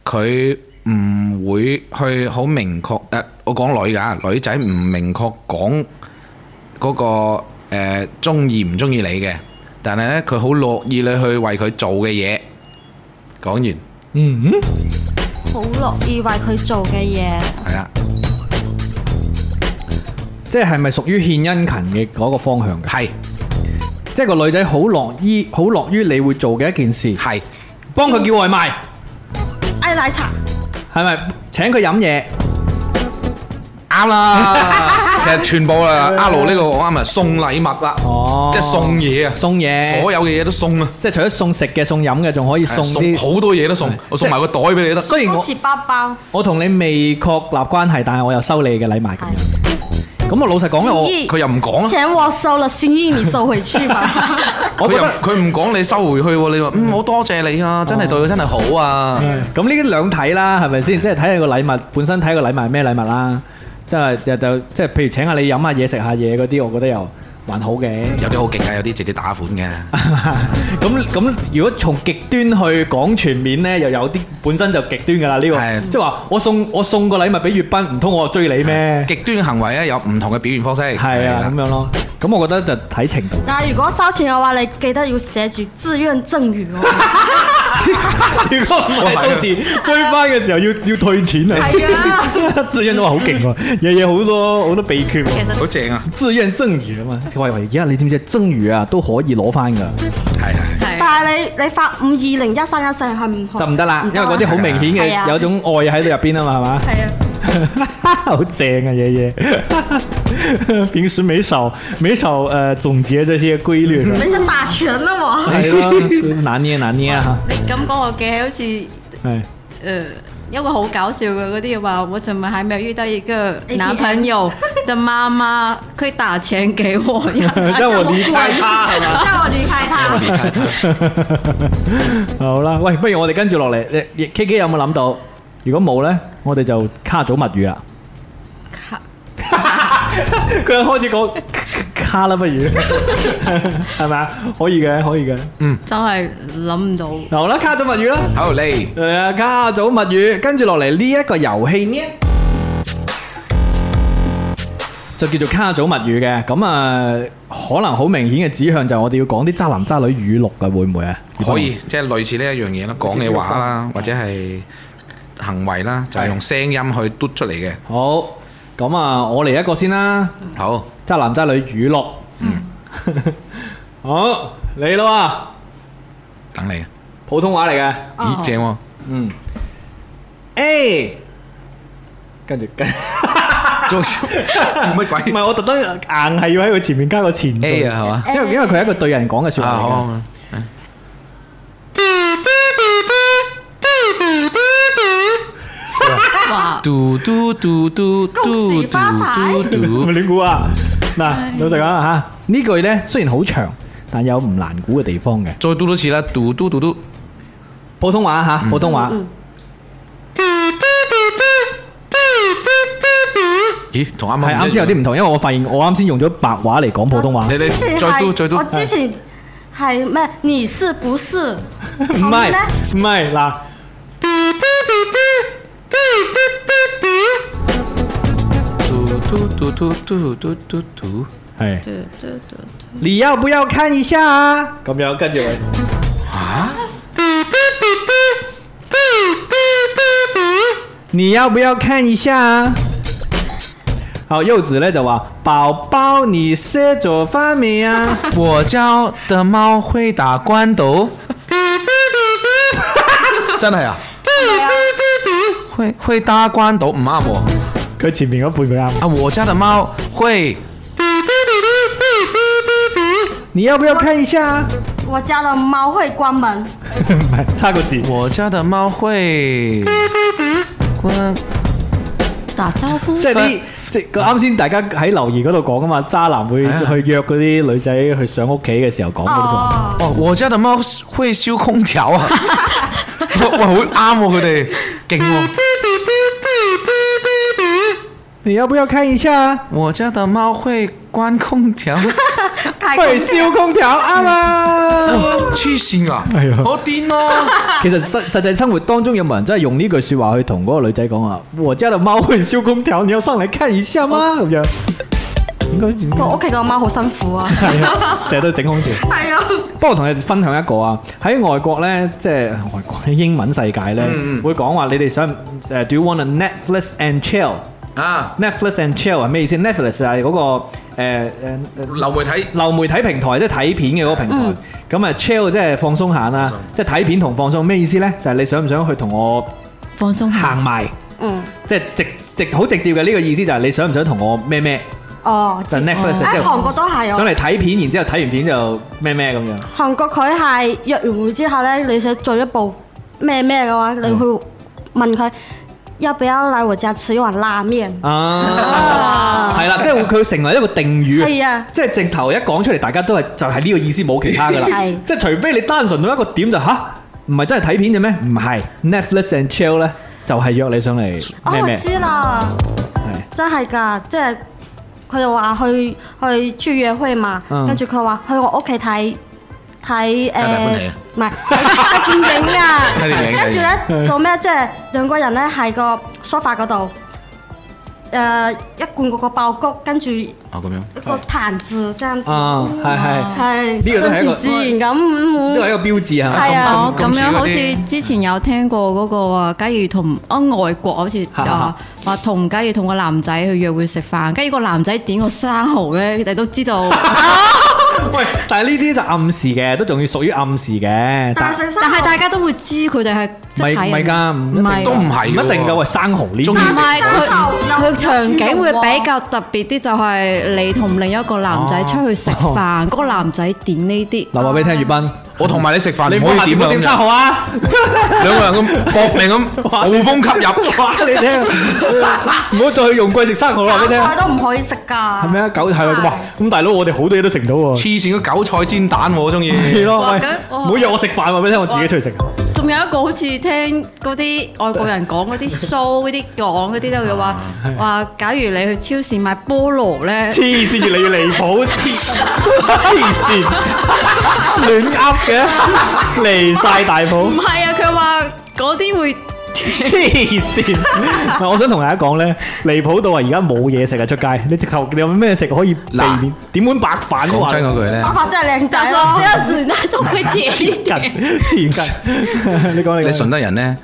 佢唔會去好明確誒、呃，我講女噶，女仔唔明確講。呃嗰個誒中意唔中意你嘅，但係咧佢好樂意你去為佢做嘅嘢。講完，嗯，好樂意為佢做嘅嘢。係啦，即係係咪屬於獻殷勤嘅嗰個方向嘅？係，即係個女仔好樂意，好樂於你會做嘅一件事。係，幫佢叫外賣，嗌奶茶，係咪請佢飲嘢？啱啦。其實，全部啦，阿盧呢個啱啊，送禮物啦，即係送嘢啊，送嘢，所有嘅嘢都送啊，即係除咗送食嘅、送飲嘅，仲可以送啲好多嘢都送，我送埋個袋俾你都得。高級包包。我同你未確立關係，但係我又收你嘅禮物。咁我老實講，我佢又唔講啊。錢我收了，心意你收回去吧。佢又佢唔講你收回去喎，你話嗯我多謝你啊，真係對佢真係好啊。咁呢啲兩睇啦，係咪先？即係睇下個禮物本身，睇下個禮物係咩禮物啦。即係就即係，譬如請下你飲下嘢，食下嘢嗰啲，我覺得又還好嘅，有啲好勁嘅，有啲直接打款嘅。咁咁，如果從極端去講全面咧，又有啲本身就極端噶啦呢個。係，即係話我送我送個禮物俾粵斌，唔通我追你咩？極端行為咧有唔同嘅表現方式。係啊，咁樣咯。咁我覺得就睇程度。但係如果收錢嘅話，你記得要寫住自願贈與哦。如果我到時追翻嘅時候要要退錢啊？係啊，自願都話好勁啊，日日好多好多秘訣，其實好正啊，自願贈與啊嘛。我話而家你知唔知？蒸魚啊都可以攞翻噶，係係對。但係你你發五二零一三一四係唔？咁唔得啦，因為嗰啲好明顯嘅，對啊、有種愛喺度入邊啊嘛，係嘛？係對啊， 啊，好正啊嘢嘢。平時美少美少誒總結這些規律。你想打拳啊嘛？係啊， 拿捏拿捏啊！你咁講我嘅好似係誒。對呃一個好搞笑嘅嗰啲話，我怎麼還沒有遇到一個男朋友嘅媽媽佢打錢給我呀？即係、 啊、我離開他，即係 我離開他。好啦，喂，不如我哋跟住落嚟，你你 K K 有冇諗到？如果冇咧，我哋就卡組物語啊！卡，佢 又開始講。 卡祖物語係咪啊？可以嘅，可以嘅。嗯，真係諗唔到。好啦，卡祖物語啦。好嚟，誒，卡祖物語，跟住落嚟呢一個遊戲呢， 就叫做卡祖物語嘅。咁啊，可能好明顯嘅指向就係我哋要講啲渣男渣女語錄嘅，會唔會啊？可以，即係類似呢一樣嘢咯，講嘅話啦，話或者係行為啦，對就係用聲音去嘟出嚟嘅。好，咁啊，我嚟一個先啦。好。渣男渣女，語錄。嗯， 好，你咯等你啊，普通話嚟嘅。咦，正，啊。嗯。誒 A，跟住跟。做 乜 鬼？唔係我特登硬係要喺佢前面加個前。A 啊，係嘛，啊？因為因為佢係一個對人講嘅說話嚟嘅。嘟嘟嘟嘟嘟嘟嘟嘟，嘟，恭喜發財！你乜啊？ 嗱，老實講吓，呢句咧雖然好長，但有唔難估嘅地方嘅。再嘟多次啦，嘟嘟嘟嘟，普通話吓，普通話。咦，同啱啱係啱先有啲唔同，因為我發現我啱先用咗白話嚟講普通話。你你再嘟再嘟。是我之前係咩？你是不是？唔係唔係嗱。嘟嘟嘟嘟嘟嘟嘟， 哎、你要不要看一下啊？咁樣，跟住你要不要看一下啊？好，柚子嘞，走啊！寶寶你，你食咗飯未啊？ 我家的貓會打關刀。 真係啊？ 會會打關刀唔啱我。嗯啊佢前面半個啱啊？啊，我家的貓會，你要不要看一下？我，我家的貓會關門。 唔係，差個字。我家的貓會關打招呼。即係你即啱先，大家喺留言嗰度講啊嘛，啊渣男會去約嗰啲女仔去上屋企嘅時候講嗰啲話。哦、啊，我家的貓會燒空調啊！喂， 好啱喎，佢哋勁喎。你要不要看一下？我家的貓會關空調，會修 空調啊，黐線啊！ 哎啊喲，好癲咯、哦！其實實實際生活當中，有冇人真係用呢句說話去同嗰個女仔講啊？ 我家嘅貓會修空調，你要上嚟看一下嗎？咁、哦、 樣。我屋企個貓好辛苦啊，成日、 哎、都整空調。係啊，不過同你分享一個啊，喺外國咧，即、就、係、是、外國嘅英文世界咧，嗯、會講話你哋想誒，Do you want a Netflix and chill？啊，Netflix and chill 係咩意思？Netflix 係嗰、那個誒誒、呃呃、流媒體流媒體平台，即係睇片嘅嗰個平台。咁啊、嗯、chill 即係放鬆下啦，鬆即係睇片同放鬆咩意思咧？就係、是、你想唔想去同我放鬆行埋，近嗯，即係直直好直接嘅呢、這個意思就係你想唔想同我咩咩？哦，就 Netflix、哦。啊，韓國都係啊，上嚟睇片，然之後睇完片就咩咩咁樣。嗯、韓國佢係約完會之後咧，你想做一步咩咩嘅話，你去問佢。嗯嗯。要不要嚟我家吃一碗拉麵啊？係啦，即係佢成為一個定語，係啊，即係直頭一講出嚟，大家都係就係呢個意思，冇其他噶啦。係即係除非你單純到一個點就吓，唔係真係睇片嘅咩？唔係 Netflix and Chill 咧，就係約你上嚟咩咩啦，我知啦。真係噶，即係佢又話去去住約會嘛，跟住佢話去我屋企睇。睇誒，唔係睇電影啊！睇電影。跟住咧做咩？即係兩個人咧喺個梳化嗰度，誒一罐嗰個爆谷，跟住一個壇字，咁樣。啊，係係係。呢個係一個呢個一個標誌啊！係啊，我咁樣好似之前有聽過嗰個啊，假如同啊外國好似啊話同，假如同個男仔去約會食飯，跟住個男仔點個生蠔咧，你都知道。 喂，但係呢啲就暗示嘅，都仲要屬於暗示嘅是。但但係大家都會知佢哋係。唔係唔係都唔係，唔一定噶喂。生蚝呢啲，唔係佢佢場景會比較特別啲，就係你同另一個男仔出去食飯，嗰個男仔點呢啲？嗱話俾聽，葉斌，我同埋你食飯，你唔可以點啊！點生蚝啊？兩個人咁搏命咁，暴風吸入，話你聽，唔好再去用貴食生蚝。話俾聽，菜都唔可以食噶。係咩啊？韭係哇！咁大佬，我哋好多嘢都食到喎。黐線，嗰韭菜煎蛋，我中意。係咯，唔好約我食飯，話俾聽，我自己出去食。仲有一個好似聽嗰啲外國人講嗰啲 show 嗰啲講嗰啲咧，佢話話假如你去超市買菠蘿咧，黐線，越嚟越離譜，黐線亂噏嘅，離晒大譜。唔係啊，佢話嗰啲會。黐線！嗱，我想同大家講咧，離譜到啊，而家冇嘢食啊，出街你直頭你有咩食可以避免？點碗白飯嘅話，我講翻嗰句咧，白飯真係靚仔啊！我喺順德都佢人！雞，甜雞。你講你，你順德人咧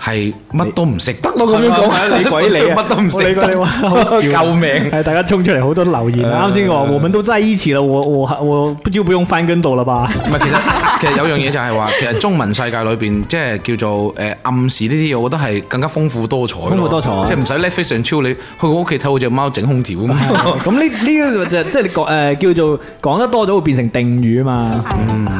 係乜都唔食得咯？咁樣講你鬼你乜都唔食得，救命！係大家衝出嚟好多留言，啱先話我們都在依起啦，我我我又不用翻跟度了吧？唔係其實。其實有樣嘢就係話，其實中文世界裏邊即係叫做誒暗示呢啲嘢，我覺得係更加豐富多彩。豐富多彩，即係唔使叻非常超你去我屋企睇我隻貓整空調啊嘛。咁呢呢個就即係你講誒叫做講得多咗會變成定語啊嘛。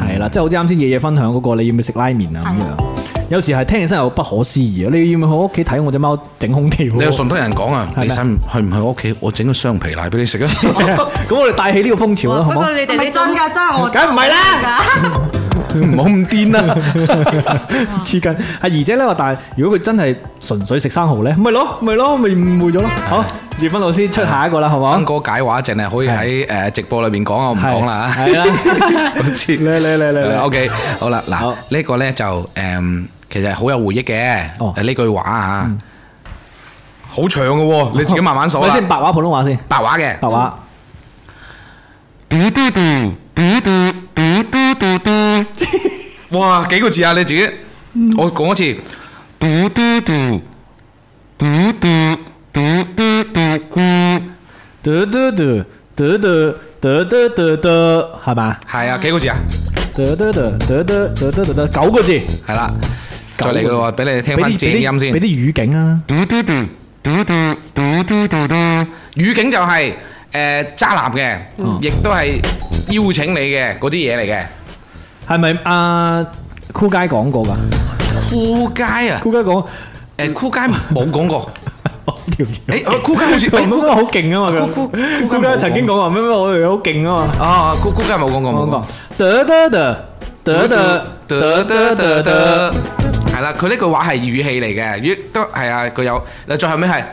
係啦，即係好似啱先夜夜分享嗰個，你要唔要食拉麵啊咁樣？有時係聽起身又不可思議。你要唔要去我屋企睇我隻貓整空調？你係順德人講啊？你使去唔去我屋企？我整個雙皮奶俾你食啊！咁我哋帶起呢個風潮啊！不過你哋你裝架我，梗唔係啦。唔好咁癲啦，似緊阿怡姐咧話，但係如果佢真係純粹食生蠔咧，咪咯咪咯咪誤會咗咯，好葉芬老師出下一個啦，好冇？新歌解話淨係可以喺誒直播裏面講，我唔講啦吓。係啦，好貼咧咧咧咧。OK，好啦，嗱呢個咧就誒，其實好有回憶嘅，誒呢句話啊，好長嘅，你自己慢慢數啊。先白話普通話先，白話嘅白話。滴滴滴滴滴。 哇，幾個字啊？你自己，我講一次，嘟嘟嘟嘟嘟嘟嘟嘟嘟嘟嘟嘟嘟嘟嘟嘟，係 嘛樂？係吧啊，幾個字啊？嘟嘟嘟嘟嘟嘟嘟嘟，九個字。係啦、啊，個再嚟個話，俾你聽翻字音先，俾啲語境啊。嘟嘟嘟嘟嘟嘟嘟嘟，語境就係、是、誒、呃、渣男嘅，亦都係邀請你嘅嗰啲嘢嚟嘅。係咪阿酷街講過噶？酷街啊！酷街講，誒，酷街冇講過。誒，酷街好似冇講過好勁啊嘛！酷酷酷街曾經講過咩咩，我哋好勁啊嘛！啊，酷酷街冇講過，冇講過。得得得得得得得得得，係啦！佢呢句話係語氣嚟嘅，都係啊，佢有嗱，最後尾係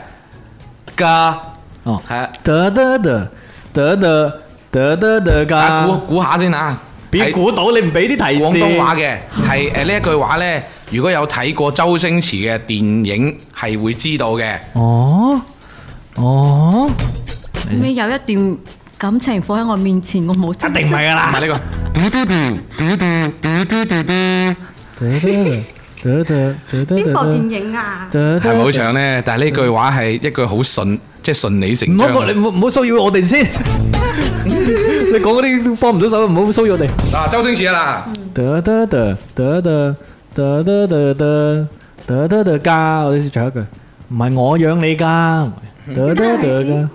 噶哦，係得得得得得得得得噶。估估下先啦。是你估到，你唔俾啲提示。廣東話嘅係誒呢一句話咧，如果有睇過周星馳嘅電影係會知道嘅。哦。哦哦，你有一段感情放喺我面前，我冇一定唔係㗎啦。唔係呢個。嘟嘟嘟嘟嘟嘟嘟嘟嘟嘟嘟嘟嘟。邊部電影啊？係咪好錯咧？但係呢句話係一句好順，即係順理成章。你唔好唔好騷擾我哋先。 你講嗰啲都幫唔到手，唔好騷擾你。嗱，周星馳啦，得得得得得得得得得得，先我哋唱一句，唔係我養你㗎，得得得㗎，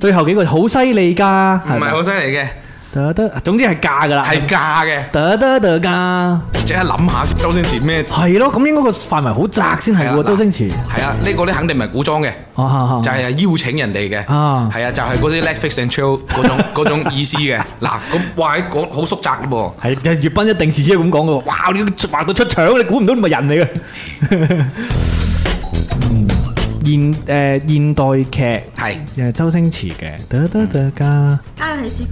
最後幾個好犀利㗎，唔係好犀利嘅。得得，總之係假噶啦，係假嘅，得得得噶。即係諗下周星馳咩？係咯，咁應該個範圍好窄先係喎。周星馳係啊，呢個咧肯定唔係古裝嘅，就係邀請人哋嘅，係啊，就係嗰啲 Netflix and chill 嗰種嗰種意思嘅。嗱，咁話喺個好縮窄嘅噃。係，葉賓一定次次都咁講嘅喎。哇，你話到出場，你估唔到你咪人嚟嘅。現誒現代劇係誒周星馳嘅，得得得噶。加入喜事局。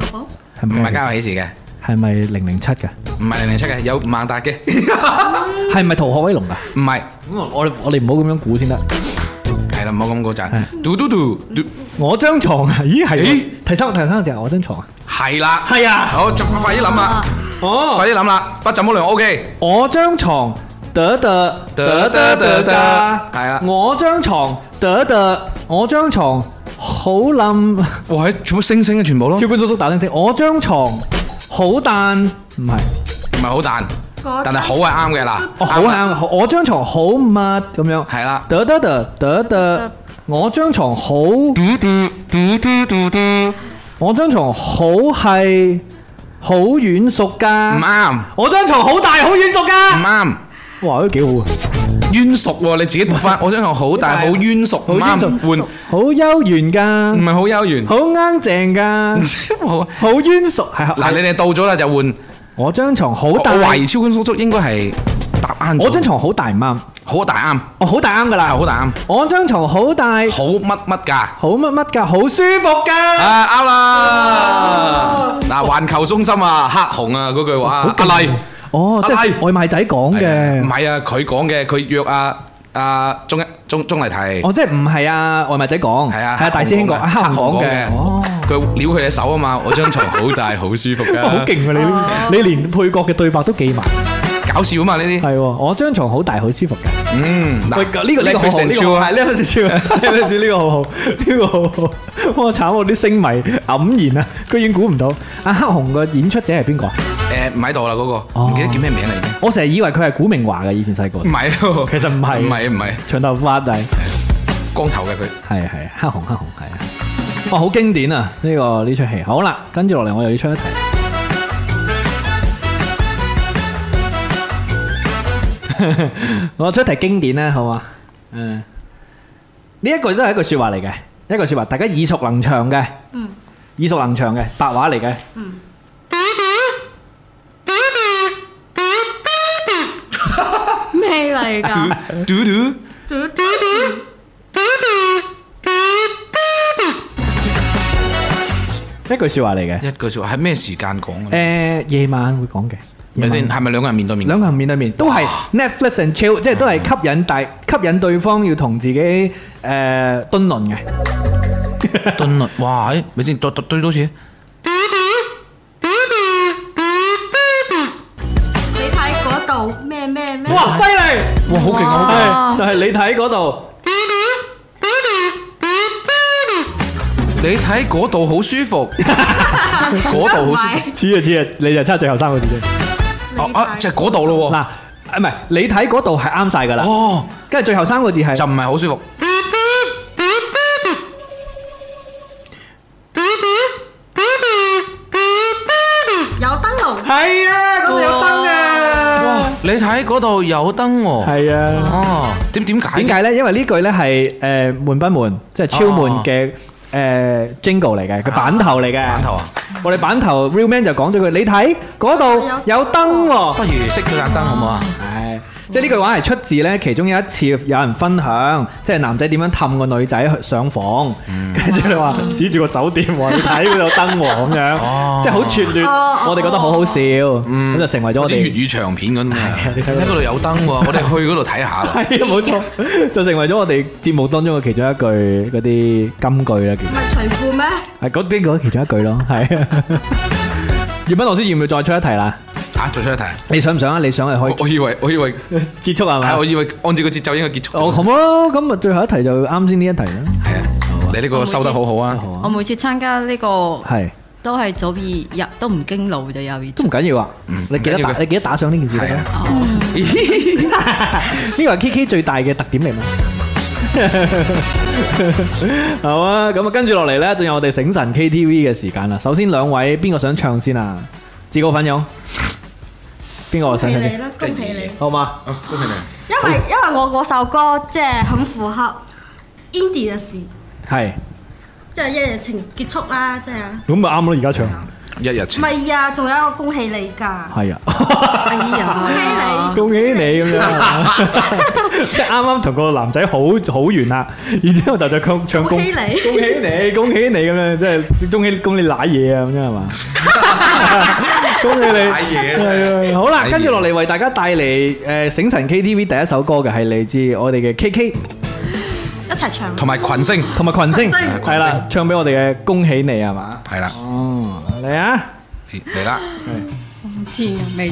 係咪家有喜事嘅？係咪零零七嘅？唔係零零七嘅，有萬達嘅。係咪逃學威龍啊？唔係，我我我哋唔好咁樣估先得。係啦，唔好咁估就係。嘟嘟嘟，我張床啊？咦，係？咦？第三睇三隻，我張床啊？係啦，係啊。好，就快啲諗啦。哦，快啲諗啦，不怎麼良，OK。我張床得得！得得！得！哆，係啦。我張床得得！我張床。好冧！哇，全部星星啊，全部咯，超跳縮縮打星星。我張床好彈，唔係唔係好彈，但係好係啱嘅啦。哦，好係啱。我張床好密咁樣。係啦，得得得得得，我張床好，我張床好係好軟熟噶，唔啱。我張床好大好軟熟噶，唔啱。哇，都幾好。軟熟喎，你自己讀翻我張牀好大，好軟熟，換好悠然噶，唔係好悠然，好啱正噶，好軟熟係。嗱你哋到咗啦就換，我張牀好大，我懷疑超音速應該係搭啱。我張牀好大啱，好大啱，我好大啱噶啦，好大啱。我張牀好大，好乜乜噶，好乜乜噶，好舒服噶。啊啱啦，嗱，環球中心啊，黑熊啊嗰句話，阿麗。哦，即係外賣仔講嘅，唔係啊，佢講嘅，佢約阿阿鍾一鍾鍾麗緹。哦，即係唔係啊，外賣仔講，係啊，係啊，大師兄講，阿黑紅講嘅。哦，佢撩佢隻手啊嘛，我張床好大好舒服㗎。好勁啊！你你連配角嘅對白都記埋，搞笑啊嘛呢啲。係，我張床好大好舒服嘅。嗯，嗱，呢個呢個好，呢個係呢個最超嘅，呢個最呢個好好，呢個好好。哇，炒我啲聲迷黯然啊！居然估唔到，阿黑紅個演出者係邊個？誒，唔喺度啦，嗰、那個唔、哦、記得叫咩名嚟嘅？我成日以為佢係古明華嘅，以前細個。唔係是，其實唔係，唔係，唔係，長頭髮就係光頭嘅佢。係係黑紅黑紅係。哇，好、 哦、經典啊！呢、這個呢出戲。好啦，跟住落嚟我又要出一題。我、嗯、 出一題經典咧，好嘛？嗯。呢一句都係一句說話嚟嘅，一個說話，大家耳熟能詳嘅。嗯、耳熟能詳嘅白話嚟嘅。嗯嘟一句説話嚟嘅，一句説話係咩時間講嘅？誒、呃，夜晚會講嘅，咪先？係咪兩個人面對面？兩個人面對面都係 Netflix and Chill，即係都係吸引大吸引對方要同自己誒蹲、呃、輪嘅蹲 輪。哇！係，咪先？再再多，多次。好勁，好勁哇！就係、是、你睇嗰度，你睇嗰度好舒服，嗰度好舒服，黐啊黐啊，你就差最後三個字啫，哦，就係嗰度咯。嗱，唔係你睇嗰度係啱晒噶啦，跟住最後三個字係就唔係好舒服。你睇嗰度有燈喎，係啊，哦，點點解？點解咧？因為呢句咧係誒悶不悶，即係超悶嘅誒 jingle 嚟嘅，佢板頭嚟嘅板頭啊！我哋板頭 real man 就講咗句：你睇嗰度有燈喎，不如熄佢盞燈好唔好啊？唉。即係呢句話係出自咧，其中有一次有人分享，即係男仔點樣氹個女仔去上房，跟住、嗯、你話指住個酒店喎，你睇嗰度燈喎咁樣，啊、即係好串亂，啊、我哋覺得好好笑，咁、嗯、就成為咗我哋粵語長片咁。喺嗰度有燈喎、啊，我哋去嗰度睇下咯。係冇錯，就成為咗我哋節目當中嘅其中一句嗰啲金句啦。唔係財富咩？係嗰啲嗰其中一句咯。係啊，葉斌、那個、 老師要唔要再出一題啦？啊，做出一題？你想唔想啊？你想係可以。我以為我以為結束係咪？我以為按照個節奏應該結束。哦，好啊，咁啊，最後一題就啱先呢一題啦。係啊，你呢個收得好好啊！我每次參加呢個係都係左耳入都唔經路就右耳，都唔緊要啊。你記得打，你記得打上呢件事呢個係 K K 最大嘅特點嚟嘛？好啊，咁跟住落嚟咧，仲有我哋醒神 K T V 嘅時間啦。首先兩位邊個想唱先啊？自告奮勇。邊個唱嘅？恭喜你，好嘛？恭喜你。因為因為我嗰首歌即係很符合 Indy 嘅事，係即係一日情結束啦，即係。咁咪啱咯，而家唱一日情。唔係啊，仲有一個恭喜你噶。係啊，哎呀，恭喜你，恭喜你咁樣，即係啱啱同個男仔好好完啦，然之後就就唱恭喜你，恭喜你，恭喜你咁樣，即係恭喜恭喜你瀨嘢啊，咁樣係嘛？恭喜你！係好啦，跟住落嚟為大家帶嚟誒《醒神 KTV》第一首歌嘅係嚟自我哋嘅 KK，一齊唱，同埋群星，同埋群星係啦，唱俾我哋嘅恭喜你係嘛？係啦，哦嚟啊嚟啦，天啊未。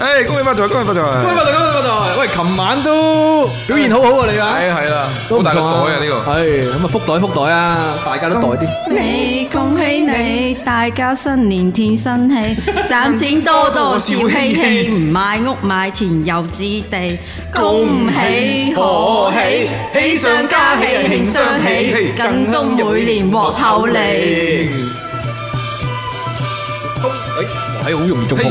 誒，恭喜發財，恭喜發財，恭喜發財，恭喜發財！喂，琴晚都表現好好啊，你啊，係啊係啦，好大福袋啊呢個，係咁啊，福袋福袋啊，大家都袋啲。你恭喜你，大家新年添新氣，賺錢多多笑嘻嘻，買屋買田又置地，恭喜賀喜，喜上加喜，慶雙喜，更祝每年獲厚利。恭喜，係好容易中空。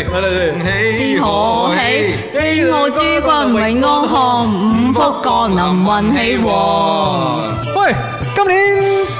喜可喜，慶我諸君永安康，五福降臨運氣旺。喂，今年。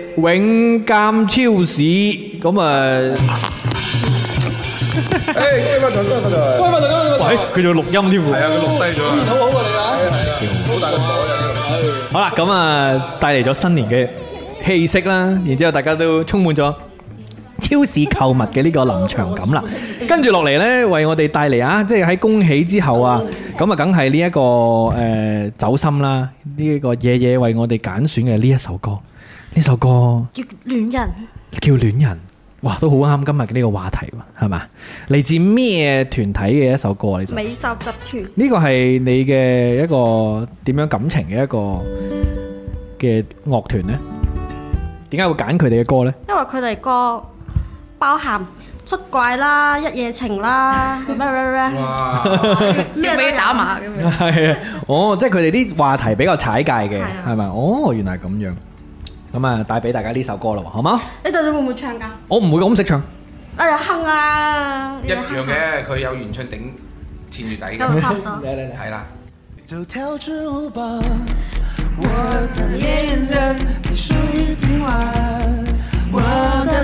永鑒超市咁啊！歡迎大家，歡迎大家！喂，佢仲錄音添喎。係啊，佢錄低咗。天氣好好啊，你話？係啊，係啊。好大個火呀呢個！好啦，咁啊，帶嚟咗新年嘅氣息啦，然之後大家都充滿咗超市購物嘅呢個臨場感啦。跟住落嚟咧，為我哋帶嚟啊，即係喺恭喜之後啊，咁啊，梗係呢一個誒走心啦，呢一個夜夜為我哋揀選嘅呢一首歌。呢首歌叫戀人，叫戀人，哇，都好啱今日嘅呢個話題嘛，係嘛？嚟自咩團體嘅一首歌啊？呢首。美秀集團。呢個係你嘅一個點樣感情嘅一個嘅樂團呢？點解會揀佢哋嘅歌呢？因為佢哋歌包含出軌啦、一夜情啦、咩咩咩，要俾打麻咁樣。係啊，哦，即係佢哋啲話題比較踩界嘅，係咪？哦，原來係咁樣。咁啊，帶俾大家呢首歌咯，好嗎？你到底會唔會唱噶？我唔會咁識唱。哎呀，哼啊！啊啊一樣嘅，佢有原唱頂纏住第一。咁咪差唔多。嚟嚟嚟，係啦。我的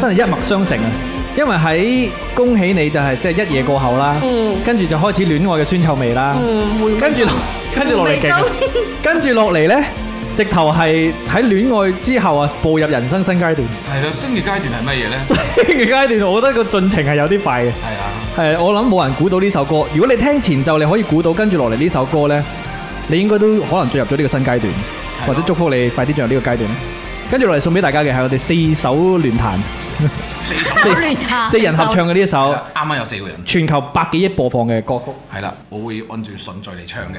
真係一脈相承啊！因為喺恭喜你就係即係一夜過後啦，嗯、跟住就開始戀愛嘅酸臭味啦、嗯，跟住沒跟住落嚟繼續跟住落嚟呢，直頭係喺戀愛之後啊，步入人生新階段。係啦，新嘅階段係乜嘢呢？新嘅階段，我覺得個進程係有啲快嘅。係啊的，係我諗冇人估到呢首歌。如果你聽前奏，你可以估到跟住落嚟呢首歌呢，你應該都可能進入咗呢個新階段，的或者祝福你快啲進入呢個階段。跟住落嚟送俾大家嘅係我哋四首聯彈，四首四四人合唱嘅呢一首，啱啱有四個人，全球百幾億播放嘅歌曲，係啦，我會按住順序嚟唱嘅。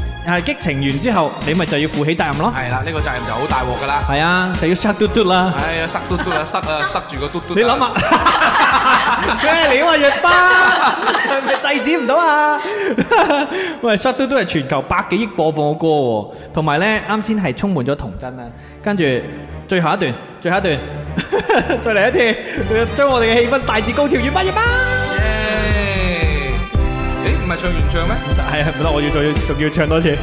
係激情完之後，你咪就要負起責任咯。係啦，呢個責任就好大鑊噶啦。係啊，就要塞嘟嘟啦。係啊，塞嘟嘟啦，塞啊塞住個嘟嘟。你諗下，佢係嚟話粵花，係咪制止唔到啊？喂，塞嘟嘟係全球百幾億播放嘅歌，同埋咧啱先係充滿咗童真啊。跟住最後一段，最後一段，再嚟一次，將我哋嘅氣氛大致高潮，粵花粵花。咪唱完唱咩？係啊，唔得，我要再，仲要唱多次。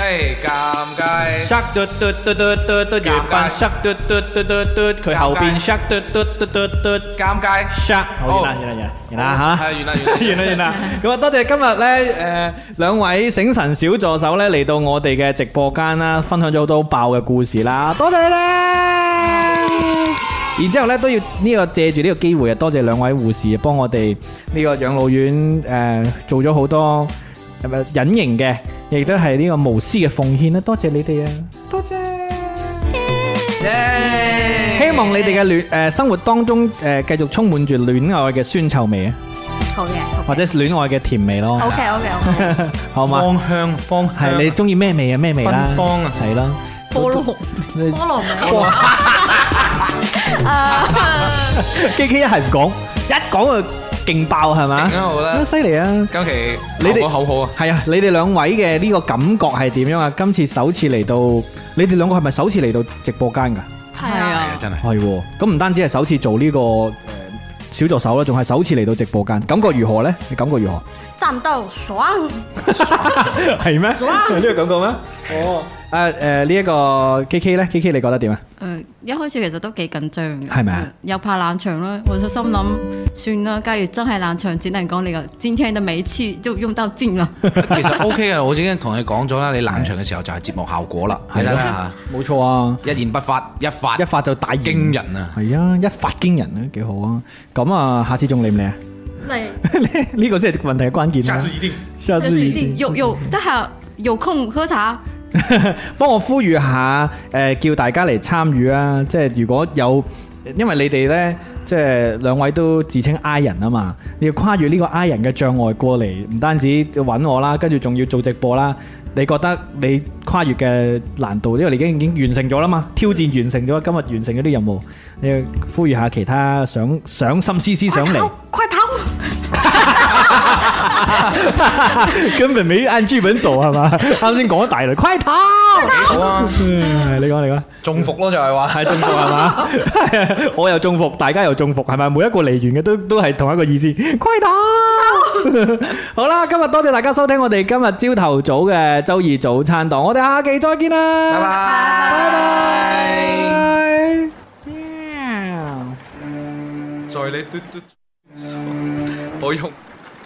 哎，尷尬。塞嘟嘟嘟嘟嘟嘟，尷尬。塞嘟嘟嘟嘟嘟，佢後邊塞嘟嘟嘟嘟嘟，尷尬。塞，好，完啦，完啦，完啦嚇。係完啦，完啦，完啦，完啦。咁啊，多謝今日咧誒兩位醒神小助手咧嚟到我哋嘅直播間啦，分享咗好多爆嘅故事啦，多謝你哋。然之後咧都要呢、這個借住呢個機會啊，多謝兩位護士幫我哋呢個養腦院誒、呃、做咗好多咁啊隱形嘅，亦都係呢個無私嘅奉獻啦，多謝你哋啊，多謝！Yeah. 希望你哋嘅戀誒生活當中誒繼、呃、續充滿住戀愛嘅酸臭味啊，好嘅，或者戀愛嘅甜味咯，OK OK, okay, okay. 好嘛嗎？芳香芳係你中意咩味啊？咩味啦？芳啊，係啦，菠蘿菠蘿 K K 一係唔講，一講就勁爆係咪？咁犀利啊！今期你哋好好啊，係啊，你哋兩位嘅呢個感覺係點樣啊？今次首次嚟到，你哋兩個係咪首次嚟到直播間噶？係啊，啊，真係，係咁唔單止係首次做呢、呢個。小助手啦，仲係首次嚟到直播間，感覺如何咧？你感覺如何？戰鬥爽，係咩？有呢個感覺咩？哦，誒誒，呢一個 K K 咧，K K 你覺得點啊？誒、呃，一開始其實都幾緊張嘅，係咪啊？又怕冷場啦，我就心諗。算啦，假如真係冷場，只能講你個今天嘅每次就用到盡啦。 其實 OK 嘅，我已經同你講咗啦，你冷場嘅時候就係節目效果啦，係啦冇錯啊，一言不發一發、嗯、一發就大驚人啊，係啊，一發驚人啊，幾好啊，咁啊，下次仲嚟唔嚟啊？嚟呢是 個先係問題嘅關鍵、啊。下次一定，下次一定。一定有有，有空喝茶，幫 我呼籲下，誒、呃，叫大家嚟參與啊！即係如果有，因為你哋咧。即係兩位都自稱 I 人啊嘛，你要跨越呢個 I 人嘅障礙過嚟，唔單止揾我啦，跟住仲要做直播啦。你覺得你跨越嘅難度，因為你已經完成咗啦嘛，挑戰完成咗，今日完成咗啲任務，你要呼籲下其他想想心思思想嚟。根本未按劇本做係嘛？啱先講咗大雷，快逃！你講你講，中伏咯，就係話係中伏係嘛？我又中伏，大家又中伏係咪？每一個嚟完嘅都都係同一個意思，快逃！好啦，今日多謝大家收聽我哋今日朝頭早嘅周二早餐檔，我哋下期再見啦！拜拜拜拜！在你嘟嘟，我用。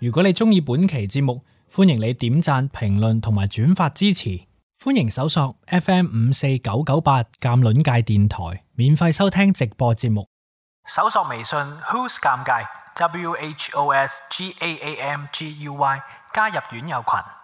如果你鍾意本期節目，歡迎你點讚、評論同埋轉發支持。歡迎搜索 FM 五四九九八《尷尬界電台》，免費收聽直播節目。搜索微信 Who's 尷尬 W H O S G A A M G U Y，加入院友群。